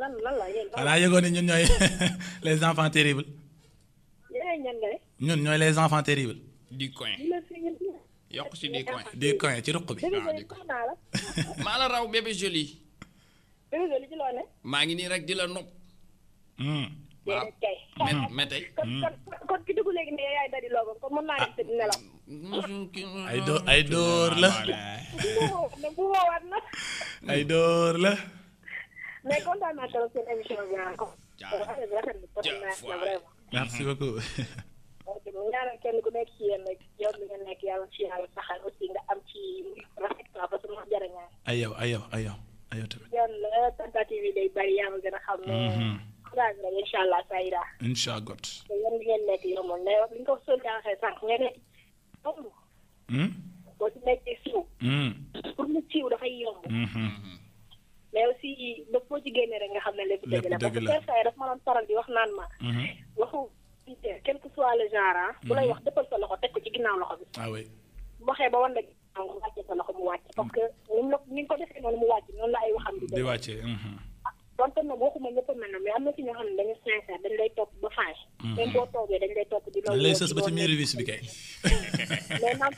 Speaker 6: lan lan xanaa yëgoon ne ñun ñooy
Speaker 2: [LAUGHS] les enfants terribles. ñun ñooy les enfants terribles.
Speaker 1: du coin. yokk ci du coin.
Speaker 2: du coin ci ruq bi.
Speaker 1: Ah, [LAUGHS] maa la raw bébé joli. maa ngi nii rek di la nopp. waaw
Speaker 6: hmm. tey. ay dóor
Speaker 2: la. ay dóor la.
Speaker 6: mais kontaan naa trop seen émission bi
Speaker 2: merci beaucoup.
Speaker 6: ñaanal kenn ku nekk ci yéen rek yow nekk yàlla ci yàlla saxal aussi nga am ci rafet quoi parce que moo jar a ñaan.
Speaker 2: ay yow ay yow ay yow
Speaker 6: ay yow tamit. yoon la tentative bari yaa ma gën a xam. courage la incha allah ça ira. incha allah. te yéen li ngeen nekk yombul mais li nga ko soxla waxee sànq nga nekk yomb. boo ci nekkee siiw. pour ñu siiw
Speaker 2: dafay
Speaker 6: mais aussi ba foo ci génnee rek nga xam ne lépp dëgg la parce que saa yi daf ma doon faral di wax naan ma mhm. waxu quel que soit le genre bu ah. lay mhm. wax dëppal sa loxo teg ko ci ginnaaw loxo bi ah bu waxee ba wan la ginnaaw nga wàccee sa loxo mu wàcc parce mhm. que ni mu ni nga ko defee noonu mu wàcc noonu la ay waxam di wàccee donte nag waxuma ñëpp a mel na mais am na ci ñoo xam ne dañu sincère dañ lay topp ba fànn. Mhm. même boo toogee dañ lay topp di. loolu lay sës ba ci mairie
Speaker 2: wis bi kay. [LAUGHS] mais
Speaker 6: nag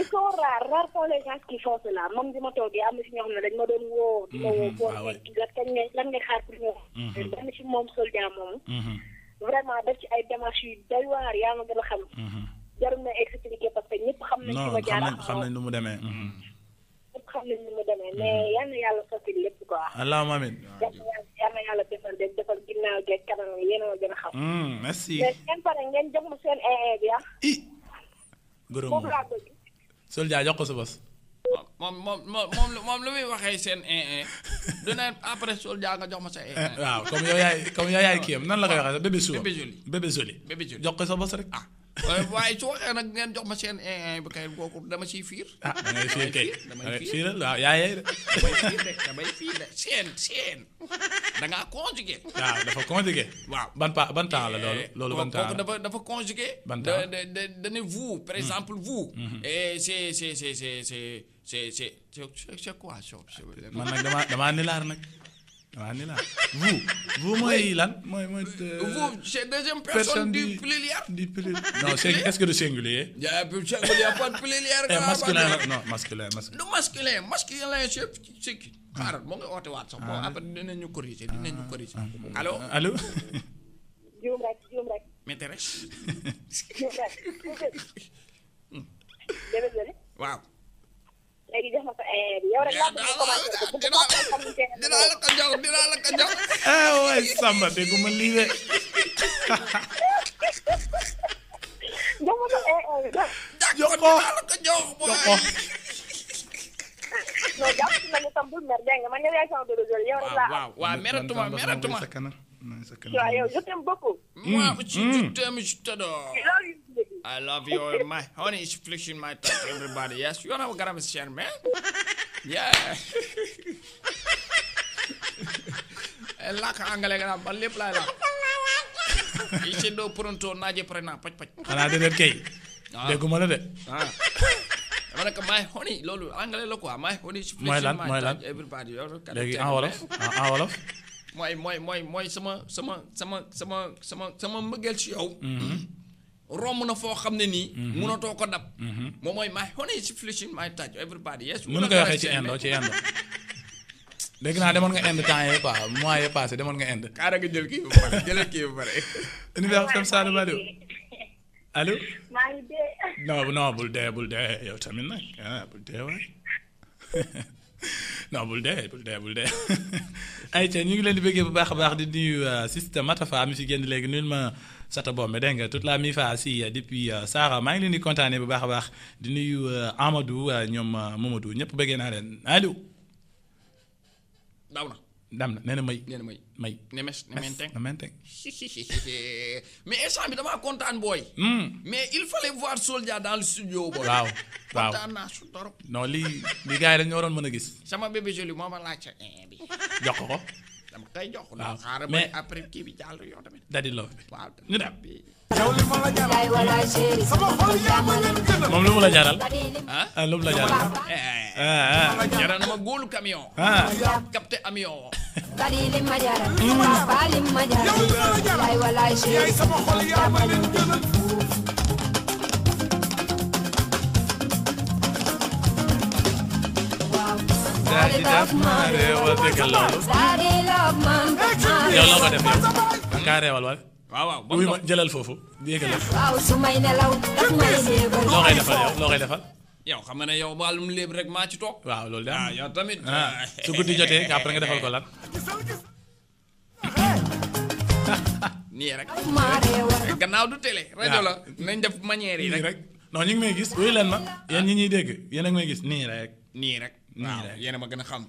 Speaker 6: ils sont rares rares sont les gens qui font cela man ma toogee am na ci ñoo xam ne dañ ma doon woo. di ma woo foo xam mhm. ah ne ngay xaar pour ñëw. Mhm. benn ci moom soldat moomu. vraiment def ci ay démarches yu waar yaa ma gën a xam. jarul na expliquer parce que xam nañ. ci mu demee. xam nañ ni mu mhm. mais yal na yàlla sotti lépp quoi. allahumma amiin yal na yàlla defal ginnaaw geeg kanam yéen gën a xam.
Speaker 2: Mhm, merci
Speaker 6: mais pare ngeen jox ma seen ee bi ah. i moom laa
Speaker 2: jox ko sa bos.
Speaker 1: moom moom moom lu muy waxee seen ee du ne après Soldia nga jox ma sa ee. Eh,
Speaker 2: waaw comme yow comme yow kii am nan la koy waxee bébé suba bébé joli bébé joli jox ko sa bos rek ah. Eh, waaye
Speaker 1: su waxee nag ngeen jox ma seen bi kay kooku dama siy fiir. ah, ah da ngay fiir kay damay eh, fiir waaw ah, yaa yey de. damay fiir de damay fiir de seen seen da ngaa conjugué. waaw ah,
Speaker 2: dafa conjugué. waaw ban pa ban temps
Speaker 1: la eh, loolu. loolu ban temps la dafa dafa conjugué. ban temps da da da ne vous par hmm. exemple vous. Hmm. et c'est c'est c'est c'est c'est c'est c'est quoi. man nag damaa damaa
Speaker 2: nilaar nag. waaw ni la vous vous mooy lan mooy mooy. Euh, vous
Speaker 1: c'est deuxième personne. du pluriel du pluriel. non est-ce que du
Speaker 2: singulier. y a singulier y a
Speaker 1: pas de pluriel. Eh, masculin non
Speaker 2: masculin masculin.
Speaker 1: du masculin masculin c'est c'est qui. Ah. moo ngi oote waat sax bon ah. après dinañu corriger dinañu corriger. allo ah. allo. juum rek juum rek. maîtresse.
Speaker 6: juum [LAUGHS] hmm. waaw. léegi jox ma ko yow rek laa bëgg a commencé ko bu ko xamante ne dinaa la ko jox dinaa la ko jox.
Speaker 2: [LAUGHS] ah waay Samba dégg ma lii de. [LAUGHS]
Speaker 6: jox ma ko jox ko jox ko jox [LAUGHS] ko. non jàpp si ma ne tam bul mer dégg nga man réaction de réseau yow rek laa. Ah, waaw waaw meratuma meratuma.
Speaker 2: waaw yow
Speaker 6: je t'aime beaucoup.
Speaker 1: Hmm, moi aussi je hmm. t'aime je t'adore. I love you. My honey is flicking my touch, everybody. Yes, you know what I'm saying, man? Yeah. Ella ka angale ga ba lepp la la. Ici do pronto naaje pare na paj paj. Xana de
Speaker 2: len kay. de.
Speaker 1: Ah. my honey loolu angale la my honey is my touch, everybody. Léegi en wolof en wolof. mooy mooy mooy mooy sama sama sama sama sama sama mbëggeel ci yow. romb na foo xam ne nii. mënatoo mhm. ko dab. Mhm. moom mooy my honey is flashing my touch everybody yes. mën waxee ci indo ci indo.
Speaker 2: dégg naa demoon nga Inde temps yii quoi mois nga Inde. kaara nga jël kii ba pare bul dee bul dee yow tamit nag ah ñu ngi leen di bëggee bu baax a baax di nuyu euh, Sista Matafa mi ci génn léegi nuyul ma. Ça Bombe mais toute la mi euh, depuis euh, Sarah. maa ngi bu baax di euh, Amadou ñom Mamadou ñep faire allo. may may may. ne mes ne mais hmm.
Speaker 1: mais il fallait voir soldat dans le studio. Wow.
Speaker 2: waaw waaw non gars dañu gis.
Speaker 1: bébé joli mama ma eh, bi kay jox la xaar ba après ki bi jallu yo tamit dadi love bi
Speaker 2: waaw ñu dem
Speaker 1: yow li ma la jaral wala chéri sama xol ya ma len gënal mom lu mu la jaral
Speaker 3: ah,
Speaker 2: ah lu mu la jaral eh, eh, eh. ah jaral ah.
Speaker 3: ma gol camion ah capté amion bari li ma jaral bari li ma jaral yow li ma la jaral wala chéri
Speaker 7: sama xol ya ma len gënal
Speaker 2: Daddy, that's my deal. What's it
Speaker 3: called? yow loo ko
Speaker 2: def yow da ngaa reewal waay. waaw waaw ba mu ma jëlal foofu yéegal loo koy defal yow loo koy defal.
Speaker 1: yow xam nga ne yow wàllum léeb rek maa ci toog. waaw loolu de ah yow tamit. Ah, su guddi jotee après nga defal ko lan. [LAUGHS] nii rek eh, gannaaw du télé rajo ah. la nañ def manière yi rek. non ñu ngi may gis wuyu leen ma
Speaker 2: yéen ñi ñuy dégg yéen a ngi may gis nii rek. nii rek. Nah, yéen a ma gën xam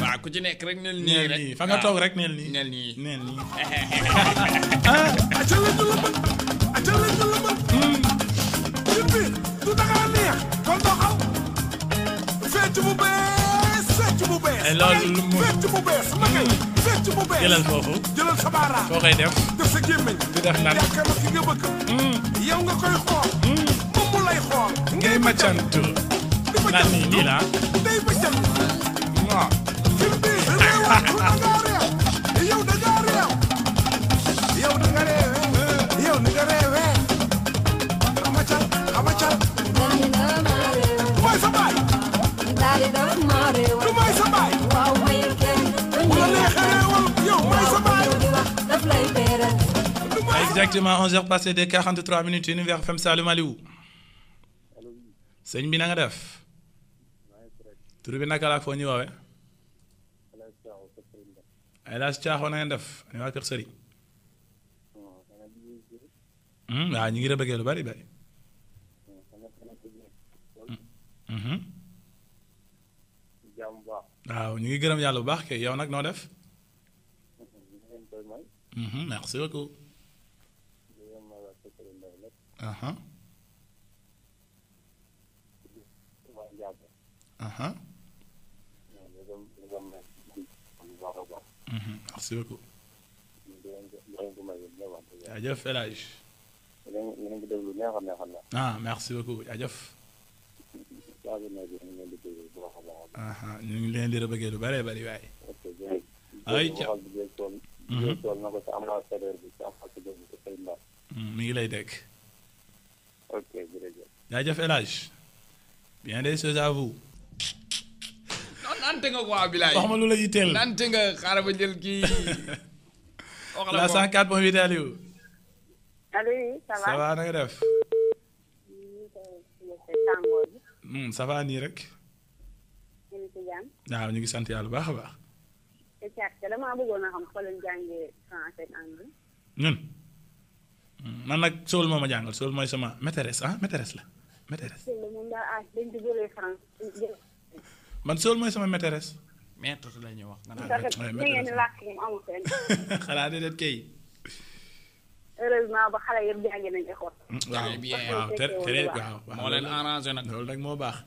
Speaker 2: waaw ku ci nekk rek nel nii rek fa nga toog rek nel nii nel nii nel nii ah [LAUGHS] eh,
Speaker 8: acala ñu la man acala ñu la man yippi du da ngaa neex kon bu
Speaker 2: bees fecc bu mu bu ma bu jëlal jëlal sa def def sa di def nan fi nga yow nga koy mu lay ngay Exactement 11 heures passé de 43 minutes Univers FM Salut. le sëñ C'est une nga tur bi naka la foo woowee. na def ni waa Kër hmm, ñu ngi lu bari bari. Hmm, hmm. waaw ñu ngi gërëm yàlla bu baax def. merci beaucoup. Ah merci beaucoup. Adieu, fais l'âge. ah merci beaucoup Ah ñu ngi leen dire mhm. mm, bien des choses à vous.
Speaker 1: nante nga quoi bilaay wax ma lu la yitteel nante nga xaaral ba jël kii [LAUGHS]
Speaker 6: la 104
Speaker 2: point 8 Aliou
Speaker 5: allo na nga def
Speaker 2: hmm, ça va nii rek waaw ñu ngi sant yàlla bu baax a baax
Speaker 6: dama bëggoon a xam foo leen jàngee français ak
Speaker 2: hmm, man nag Sool moo ma jàngal Sool mooy sama maîtresse ah la maîtresse man Sëwal mooy sama maîtresse. maître la ñuy wax.
Speaker 6: [LAUGHS]
Speaker 2: xanaa déedéet kay.
Speaker 6: heureusement ba xale yëpp jàngi nañ école.
Speaker 1: waaw bien waaw te te waaw. moo leen arrangé nag loolu
Speaker 2: rek moo baax.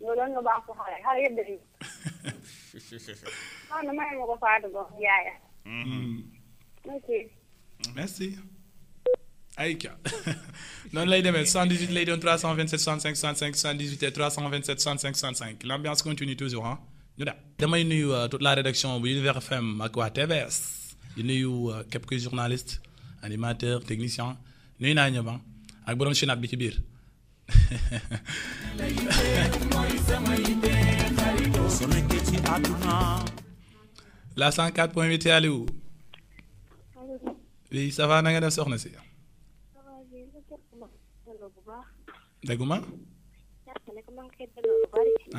Speaker 6: loolu rek moo baax ko xale yëpp dañuy. non non maa ngi ma ko Fatou Ba yaaya.
Speaker 2: Hmm. merci. Aïka. [LAUGHS] non, l'AIDM, 118, l'aide, 327, 65, 65, 118 et 327, 65, 65. L'ambiance continue toujours, hein. Nous Demain, nous, euh, toute la rédaction de l'univers FM, à quoi TVS. Nous, quelques journalistes, animateurs, techniciens. Nous, y un ak borom chinab bi ci biir [LAUGHS] la 104 point 8 où oui ça va na nga def soxna si dégguma.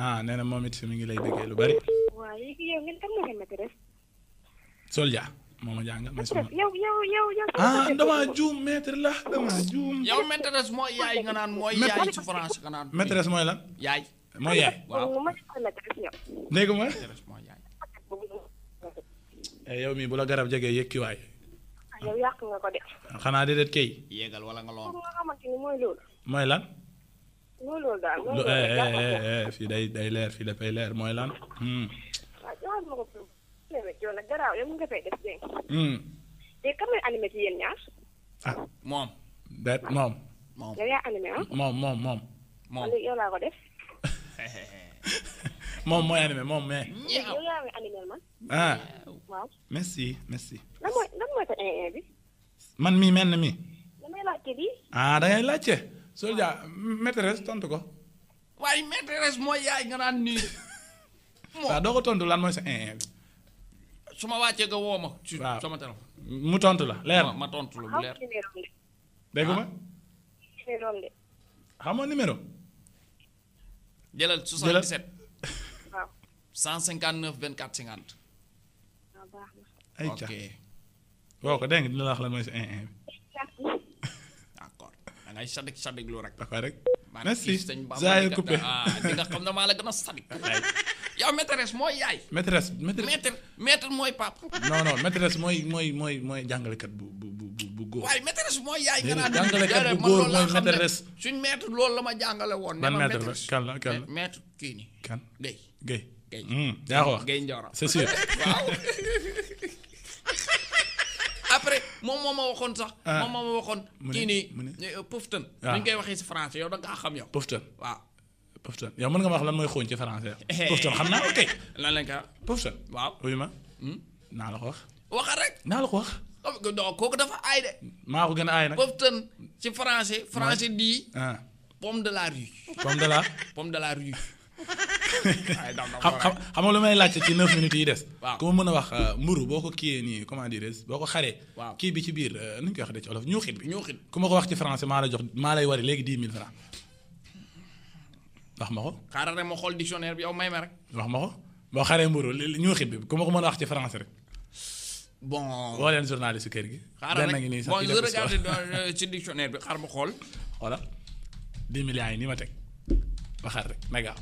Speaker 2: ah nee moom it mi ngi lay déggee lu bari.
Speaker 6: waaw yow
Speaker 1: ngeen kan moo maîtresse.
Speaker 2: Solja moo ma jàngal mais sama.
Speaker 1: yow yow yow
Speaker 6: la
Speaker 2: damaa
Speaker 1: juum. yow maîtresse mooy yaay nga naan mooy yaay ci France nga naan.
Speaker 2: maîtresse mooy lan. yaay mooy yaay. Eh, mii bu la garab jege yëkki waay.
Speaker 6: Ah, yow
Speaker 2: xanaa déedéet kay.
Speaker 1: yéegal wala nga lool. mooy lan. looloo daal
Speaker 6: looloo eh, eh,
Speaker 2: eh, fii day day leer fii dafay leer mooy lan. Hmm.
Speaker 1: waaw joxal
Speaker 6: ma ko fi mu garaaw yow mu nga fay def dégg nga. Hmm. kan mooy animé ci yéen ñaar.
Speaker 2: ah moom. déet moom. moom yow yaa animé ah. moom moom moom. moom léegi
Speaker 6: yow laa ko def. [LAUGHS]
Speaker 2: moom mooy animé moom mais.
Speaker 6: léegi yow yaa ngi animé man. ah waaw.
Speaker 2: merci merci.
Speaker 6: lan mooy lan mooy sa 1-1 bi.
Speaker 2: man mii mel na mii.
Speaker 1: damay laajte bi.
Speaker 2: ah dangay laajte. soldia maîtresse tontu ko
Speaker 1: waaye maîtresse mooy yaay nga naan nii waaw
Speaker 2: doo ko tontu lan mooy sa in su ma wàccee nga woo ma ci sama téléphone mu tontu la leer ma tontu la bu leer dégg ma xamoo numéro jëlal 77
Speaker 1: 159 24 50
Speaker 2: ay ca woo ko dégg dina la wax lan mooy sa
Speaker 1: ngay sadik sadik lu rek. dafa rek merci zaaya coupé ah, di nga xam ne maa la gën a sadik. [LAUGHS] yow maîtresse mooy yaay. maîtresse maîtresse maître mooy papa. non non maîtresse
Speaker 2: mooy mooy mooy mooy jàngalekat bu bu bu bu góor. waaye
Speaker 1: maîtresse mooy yaay. jàngalekat bu góor mooy maîtresse. suñ maître loolu la ma jàngale woon. ban maître la kan la kan la maître kii nii. kan Guèye
Speaker 2: Guèye. Guèye Ndioro c'est sûr [LAUGHS] waaw.
Speaker 1: [LAUGHS] mom moo ma sax. mom moo ma waxoon. Ah. kii nii eh, poftan. waaw ah. ni ñu koy waxee français yow da nga xam yow.
Speaker 2: poftan waaw. poftan yow mën nga wax lan moy xooñ ci français. Eh, eh, poftan xam naa ok. lan lañ koy wax poftan. waaw wuyu ma. Hmm? na la ko wax.
Speaker 1: waxal rek. na la wax. non kooku dafa ay de.
Speaker 2: ma ko gën ay aay nag.
Speaker 1: ci français. français di. Ah. pomme de la rue. pomme de la.
Speaker 2: pomme de la rue. [LAUGHS] xam nga lu may laajte ci 9 minutes yi des. ku ma mën a wax mburu boo ko kiyee nii comment dire boo ko xaree. waaw kii bi ci biir nu ñu koy waxee ci olof ñuuxit bi. ñuuxit ku ma ko wax ci français maa la jox maa lay wari léegi 10 000 francs wax ma ko.
Speaker 1: xaaral rek ma xool dictionnaire bi yow may ma rek.
Speaker 2: wax ma ko boo xaree mburu ñuuxit bi ku ma ko mën a wax ci français rek. bon boo leen journaliste kër gi. xaaral rek bon je regarde ci dictionnaire bi xaar ma xool. voilà 10 milliards yi ni ma teg ba xaar rek na gaaw.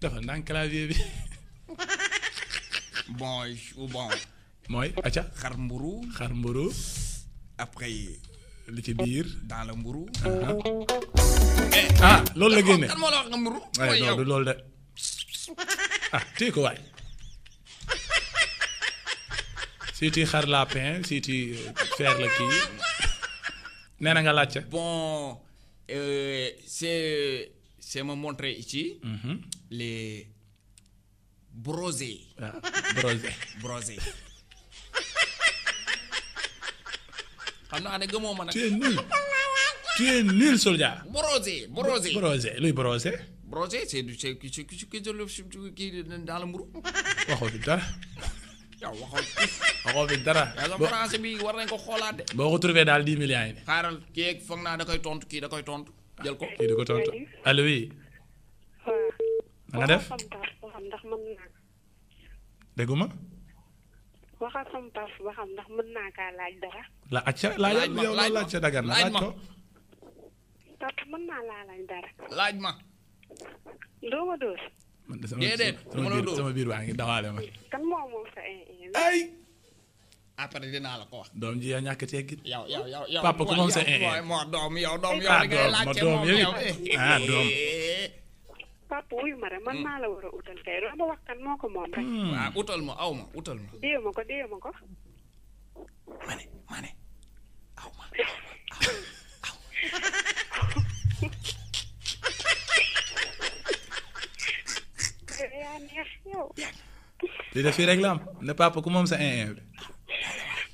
Speaker 2: dafa ndànk clavier bi. [LAUGHS] bon bon. mooy acca. xar mburu xar mburu après li ci biir. dans le mburu. Eh. ah loolu la génne kan moo la wax nga waaye non du loolu de ah téye ko waay. la euh, kii nee na nga laajte.
Speaker 1: bon euh, c'est ma me montrer ici. Mhm. les brosés. waaw ah, brosé [LAUGHS] brosé. [LAUGHS] xam naa ne gëmoo ma nag. tu es nul
Speaker 2: tu es nul soldat.
Speaker 1: brosé brosé brosé luy brosé. brosé c'est du c'est ki ki ki kii dans le mburu. waxoo fi dara. yow waxoo
Speaker 2: waxoo fi dara. yàlla
Speaker 1: bi war nañ ko xoolaat de.
Speaker 2: boo ko trouvé daal dix millions yi.
Speaker 1: xaaral kii foog naa da koy tontu kii da koy tontu jël ko. kii da ko
Speaker 2: tontu allo na def dégguma.
Speaker 6: waxal sama papa ba xam ndax mën naa kaa laaj dara.
Speaker 2: la acca laaj ma laaj ma laaj dagan laaj ko.
Speaker 6: papa mën naa laa
Speaker 1: laaj ma. doo ma dóor.
Speaker 2: man de sama biir sama biir baa ngi dawaale ma.
Speaker 1: kan moom sa la ko doom yow
Speaker 2: doom yow ah, doom. [LAUGHS]
Speaker 6: papa uyuma re man maa la war a utal kay moo ko moom
Speaker 1: rek utal ma aw mm. ma
Speaker 6: mm. ah, mane mane aw ma aw
Speaker 2: def ne papa ku eh, eh. moom ah, sa un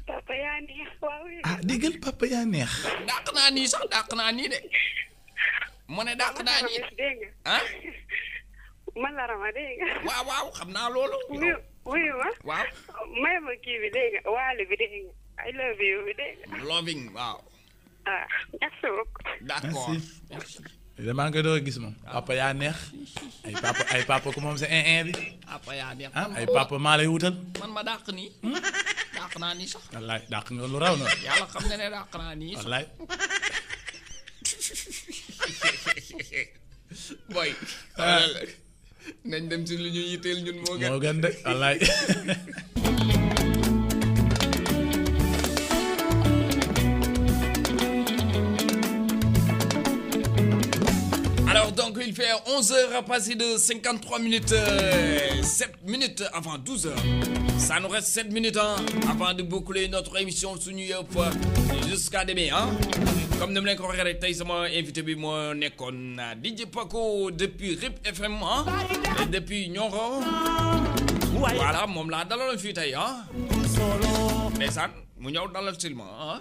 Speaker 1: papa yaa neex waaw
Speaker 2: ah déggal papa yaa neex
Speaker 1: dàq naa nii sax dàq naa nii de mu ne
Speaker 2: dàq naa ñi ah?
Speaker 1: [LAUGHS] waaw waaw xam naa loolu. wuyu wuyu ma. waaw
Speaker 6: may ma kii bi dégg nga waale bi dégg nga I love you bi
Speaker 1: dégg nga. loving waaw. ah merci beaucoup.
Speaker 2: damaa nga doon gis moom. Ah. papa yaa neex. ay papa ay papa ku moom sa un un bi.
Speaker 1: papa yaa neex ah, ay papa maa lay wutal. man ma dàq nii. Hmm? dàq naa nii sax.
Speaker 2: wallaay dàq nga lu raw na.
Speaker 1: yàlla xam na ne dàq naa nii wallaay. [LAUGHS] way [LAUGHS] boy. Ah. nañ dem si lu ñu yitteel ñun moo gën moo gën
Speaker 2: de wallaay [LAUGHS]
Speaker 1: Alors donc il fait 11h à passer de 53 minutes, 7 euh, minutes avant 12h. Ça nous reste 7 minutes hein, avant de boucler notre émission sous New York jusqu'à demain. Hein. Comme nous l'avons regardé, nous avons invité DJ Paco depuis RIP FM hein. et depuis Nyoro. Voilà nous dans
Speaker 5: hein.
Speaker 1: mu ñëw dalal sil ma ah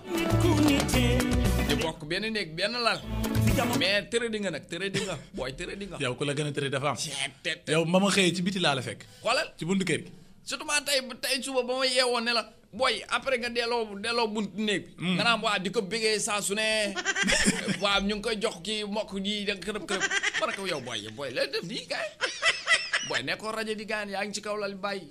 Speaker 1: ñu bokk benn néeg benn lal mais tërë di nga nag tërë di nga booy tërë di nga
Speaker 2: yow ku la gën a tërë dafa am yow ma ma xëyee ci biti laa la fekk xoolal ci buntu kër
Speaker 1: gi tey tey suba ba ma yeewoon ne la booy après nga delloo delloo bunt néeg bi mm. nga naam waa di ko bégee saa su ne [LAUGHS] waa ñu ngi koy jox kii mbokk yi da kërëb kërëb baraka yow booy booy la def nii kay booy nekkoo rajo di gaan yaa ngi ci kaw lal bàyyi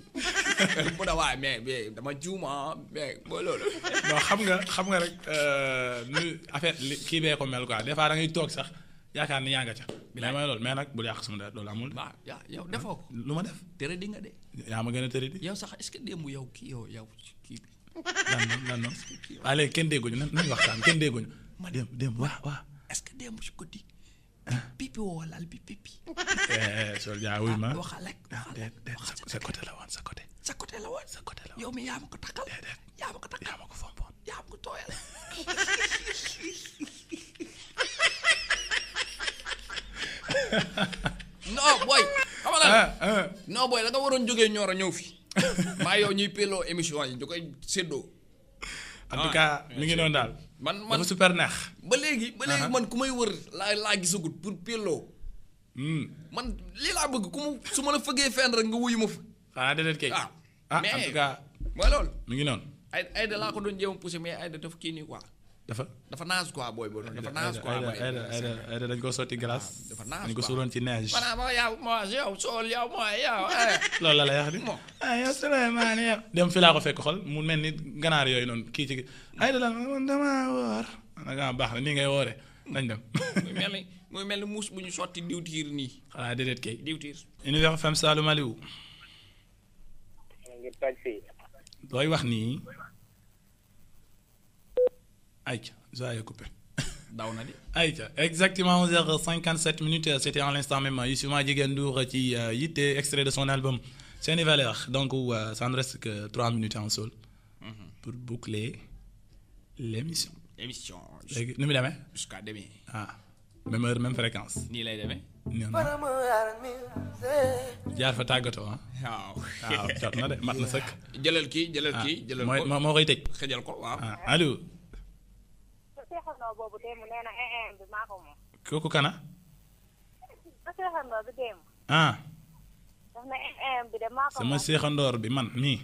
Speaker 1: bu da waay mais mais dama juuma mais booy loolu.
Speaker 2: non xam nga xam nga rek euh, nu affaire kii bee ko mel quoi des fois toog sax yaakaar ni yaa nga ca. bilaay may loolu mais nag bu yàq sama dara loolu amul. waaw yow defoo ko. lu ma def tere di nga de. yaa ma gën a tere di.
Speaker 1: yow sax est-ce que démb yow kii yow yow kii bi.
Speaker 2: lan noonu lan noonu. waaye léegi kenn dégguñu waxtaan kenn dégguñu. ma dem dem waaw waaw.
Speaker 1: est-ce démb ci guddi. pipi woo laal bi pipi.
Speaker 2: sol jaa wuy côté la woon sa côté.
Speaker 1: côté la [LAUGHS] côté ah, ah. la yow mi ma ko ko takkal yaa ma ko fompoon yaa ma tooyal. non booy. xam nga non booy da nga waroon jógee Nioro ñëw fi maa yow ñuy pelo émission yi ñu koy séddoo. en tout cas ah, mi ngi noonu daal. man man dafa super neex. ba léegi ba léegi man ku may wër laa laa gisagut pour Pello. Hmm. man li laa bëgg ku mu su ma la fëggee fenn rek nga wuyu ma fu
Speaker 2: xanaa déedéet kay. ah,
Speaker 1: ah en tout loolu. mu ngi noonu. ay ay da laa ko doon jéem a mais ay da dafa kii nii quoi. dafa dafa naas quoi booy boobu dafa naas quoi booy boobu
Speaker 2: ah, dañ ko sotti glace. dafa naas quoi dañ ko suuloon ci neige.
Speaker 1: maanaam mooy ah, yow mooy yow sool yow mooy yow. Eh.
Speaker 2: [LAUGHS] loolu la la yàq di.
Speaker 1: ah yow Souleymane yow.
Speaker 2: dem fi laa ko fekk xol mu mel ni ganaar yooyu noonu kii ci. ay dala man damaa woor. ah baax na nii ngay woore nañ dem.
Speaker 1: [LAUGHS] muy mel ni muy mel ni muus
Speaker 2: bu ñu sotti diwtiir nii. xanaa déedéet kay. diwtiir. Univers FM Saloum Aliou. looy wax nii. Aïe, ça bah, a coupé. [LAUGHS] exactement 11h57 minutes, c'était en l'instant même. Yusuma Djigendour qui était euh, extrait de son album C'est une valeur. Donc, euh, ça ne reste que 3 minutes en sol mhm. pour boucler l'émission. L'émission. Nous me Ah, même même fréquence. Ni [LAUGHS]
Speaker 6: seexandoo boobu démb nee na e bi maa ko moom. kooku kana. sama e
Speaker 2: seexandoor bi man mii.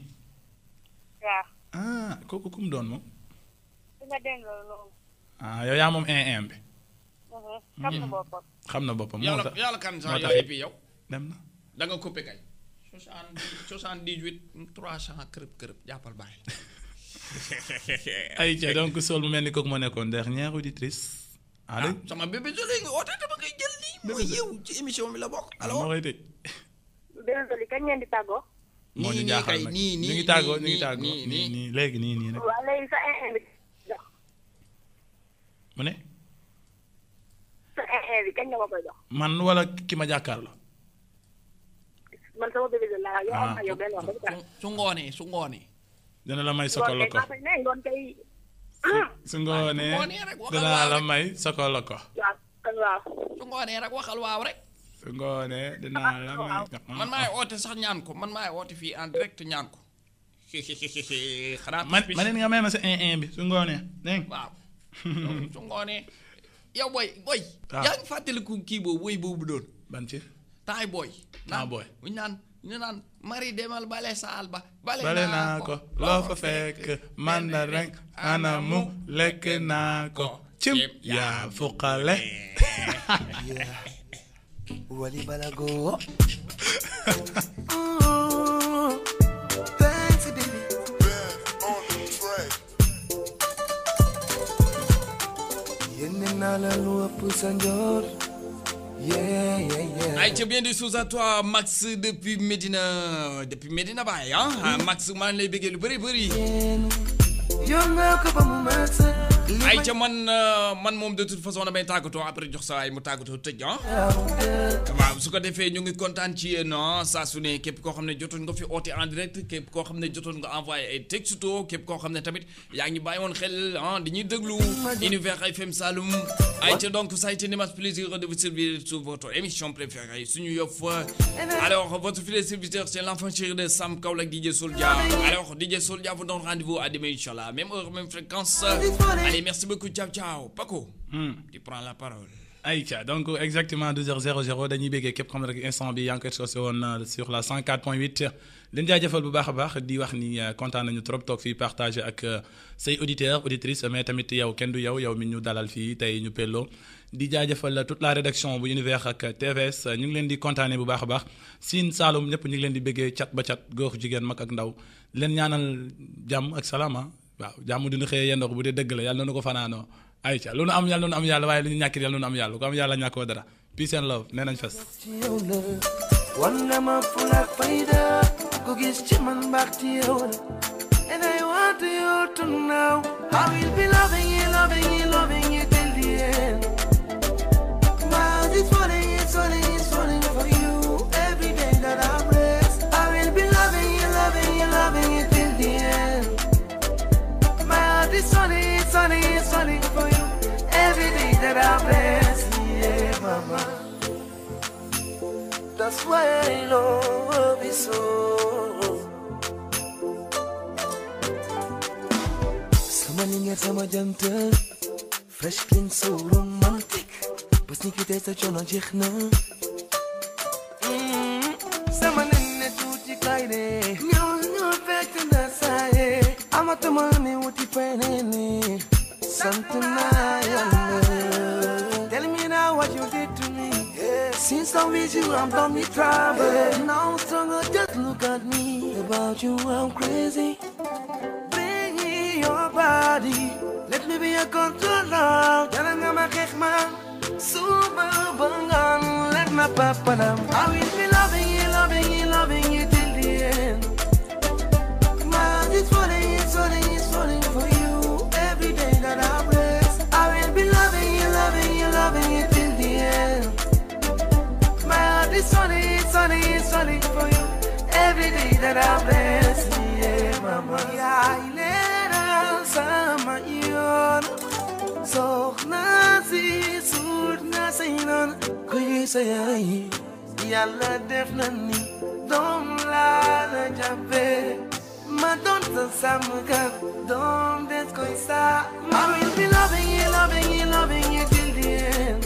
Speaker 2: waaw. ah kooku kum doon moom. di nga ah yaa moom un e bi.
Speaker 1: Mhm, xam na mm-hmm. boppam.
Speaker 2: xam na boppam moo tax yàlla kan sax yow dem na
Speaker 1: da nga coupé kay. soixante dix huit trois cent kërëb kërëb jàppal bàyyi. ayca [LAUGHS] donc
Speaker 2: sol mu mel ni kooku moo nekkoon dernière auditrice allô ah,
Speaker 1: sama bébé jolé nga oote dama ngay
Speaker 6: jël nii mooy yow ci émission bi la bokk allo moo koy tëj désolé kañ ngeen di tàggoo
Speaker 2: moo ñu jaaxal nag nii ngi tàggoo ñu ngi tàggoo nii nii léegi nii nii
Speaker 6: waa léegi sa e mu ne sa e, e kañ nga ma koy jox
Speaker 2: man wala ki ma jàkkaar la
Speaker 6: man sama bébé jolé laa yow am ah, yow benn wax
Speaker 2: su ngoonee su ngoonee dana la may sokoloko ah! su ngoonee dana la may sokoloko
Speaker 1: su ngoonee rek waxal waaw rek
Speaker 2: su ngoonee dinaa ah, la may man maay
Speaker 1: oote sax ñaan ko man maay oote fii en direct ñaan ko [LAUGHS] man ma neen nga
Speaker 2: may ma sa un un bi su ngoonee dégg waaw su
Speaker 1: ngoonee yow booy booy ah. yaa ngi fàttaliku kii
Speaker 2: boobu woy boobu doon ban
Speaker 1: taay booy naa booy buñ naan ñu naan mari demal bale saal ba bale naa ko
Speaker 2: loo fa fekk man na rek anamu lekk naa ko cim yaa ya. fuqale [LAUGHS] ya.
Speaker 8: wali balago [LAUGHS] Yenna la lu apu sanjor Yeah, yeah, yeah.
Speaker 1: Aïe, bien des choses à toi, Max, depuis Medina. Depuis Medina Bay, hein? Mm-hmm. Max, man, les bégés, le bri bri. Young, welcome, Max ay ca man euh, man moom de toute façon damay tàggatoo après jox sa waay mu tàggatoo tëj ah. waaw su ko defee ñu ngi kontaan ci non ah. saa su ne képp koo xam ne jotoon nga fi oote en direct képp koo xam ne jotoon nga envoyé ay texto képp koo xam ne tamit yaa ngi bàyyi woon xel ah di ñuy déglu Univers FM Saloum. ay ca donc ça a été un immense plaisir de vous servir sur votre émission préférée suñu yof alors votre fidèle serviteur c'est l'enfant chéri de Sam Kaolack DJ Soldia alors DJ Soldia vous donne rendez-vous à demain inchallah même heure même fréquence. Allez, merci beaucoup. Ciao, ciao. Paco, mm. tu prends la parole.
Speaker 2: Aïcha, donc exactement 2h00 Dany Bégué qui xam un rek instant bi euh, sur la 104.8 leen jaajëfal bu baax a baax di wax ni euh, kontaan nañu trop toog partagé ak euh, say auditeurs auditrices mais tamit yow kenn du yow yow mi ñu dalal fii tey ñu pelloo di jaajëfal toute la rédaction bu univers avec TVS ñu ngi dit di kontaanee bu baax a baax Sine Saloum ñëpp ñu ngi leen di béggee cat ba cat góor jigéen mag ak ndaw ñaanal ak ah. waaw jàmm dina xëyee yendoo ko bu dee dëgg la yàlla na ko fanaanoo ayca lu nu am yàlla nu am yàlla waaye lu ñu ñàkkit yàlla nu am yàlla ko am yàlla ñàkkoo dara peace and love nee nañ fes
Speaker 8: And I want you to know I will be loving you, loving you, loving you till the end. bless me, yeah, mama. That's why I love you so. Someone gets a gentle, fresh, clean, so romantic. But sneaky taste that you're not jechna. Mm-hmm. Someone in the tutti kaide. No, no, back to I'm at the money, what you find in me? Eh? Something I am. Eh? what you did to me. Yeah. Since I'm with you, I'm done with trouble. Yeah. Now I'm stronger, just look at me. About you, I'm crazy. Bring me your body. Let me be a controller. Jangan ngama kek man. Sumber Let my papa lam. I will be Ilera mama sur Kuyi sayayi Yalla Dom la jabe Ma don samga Dom des koisa I will be loving you, loving you, loving you till the end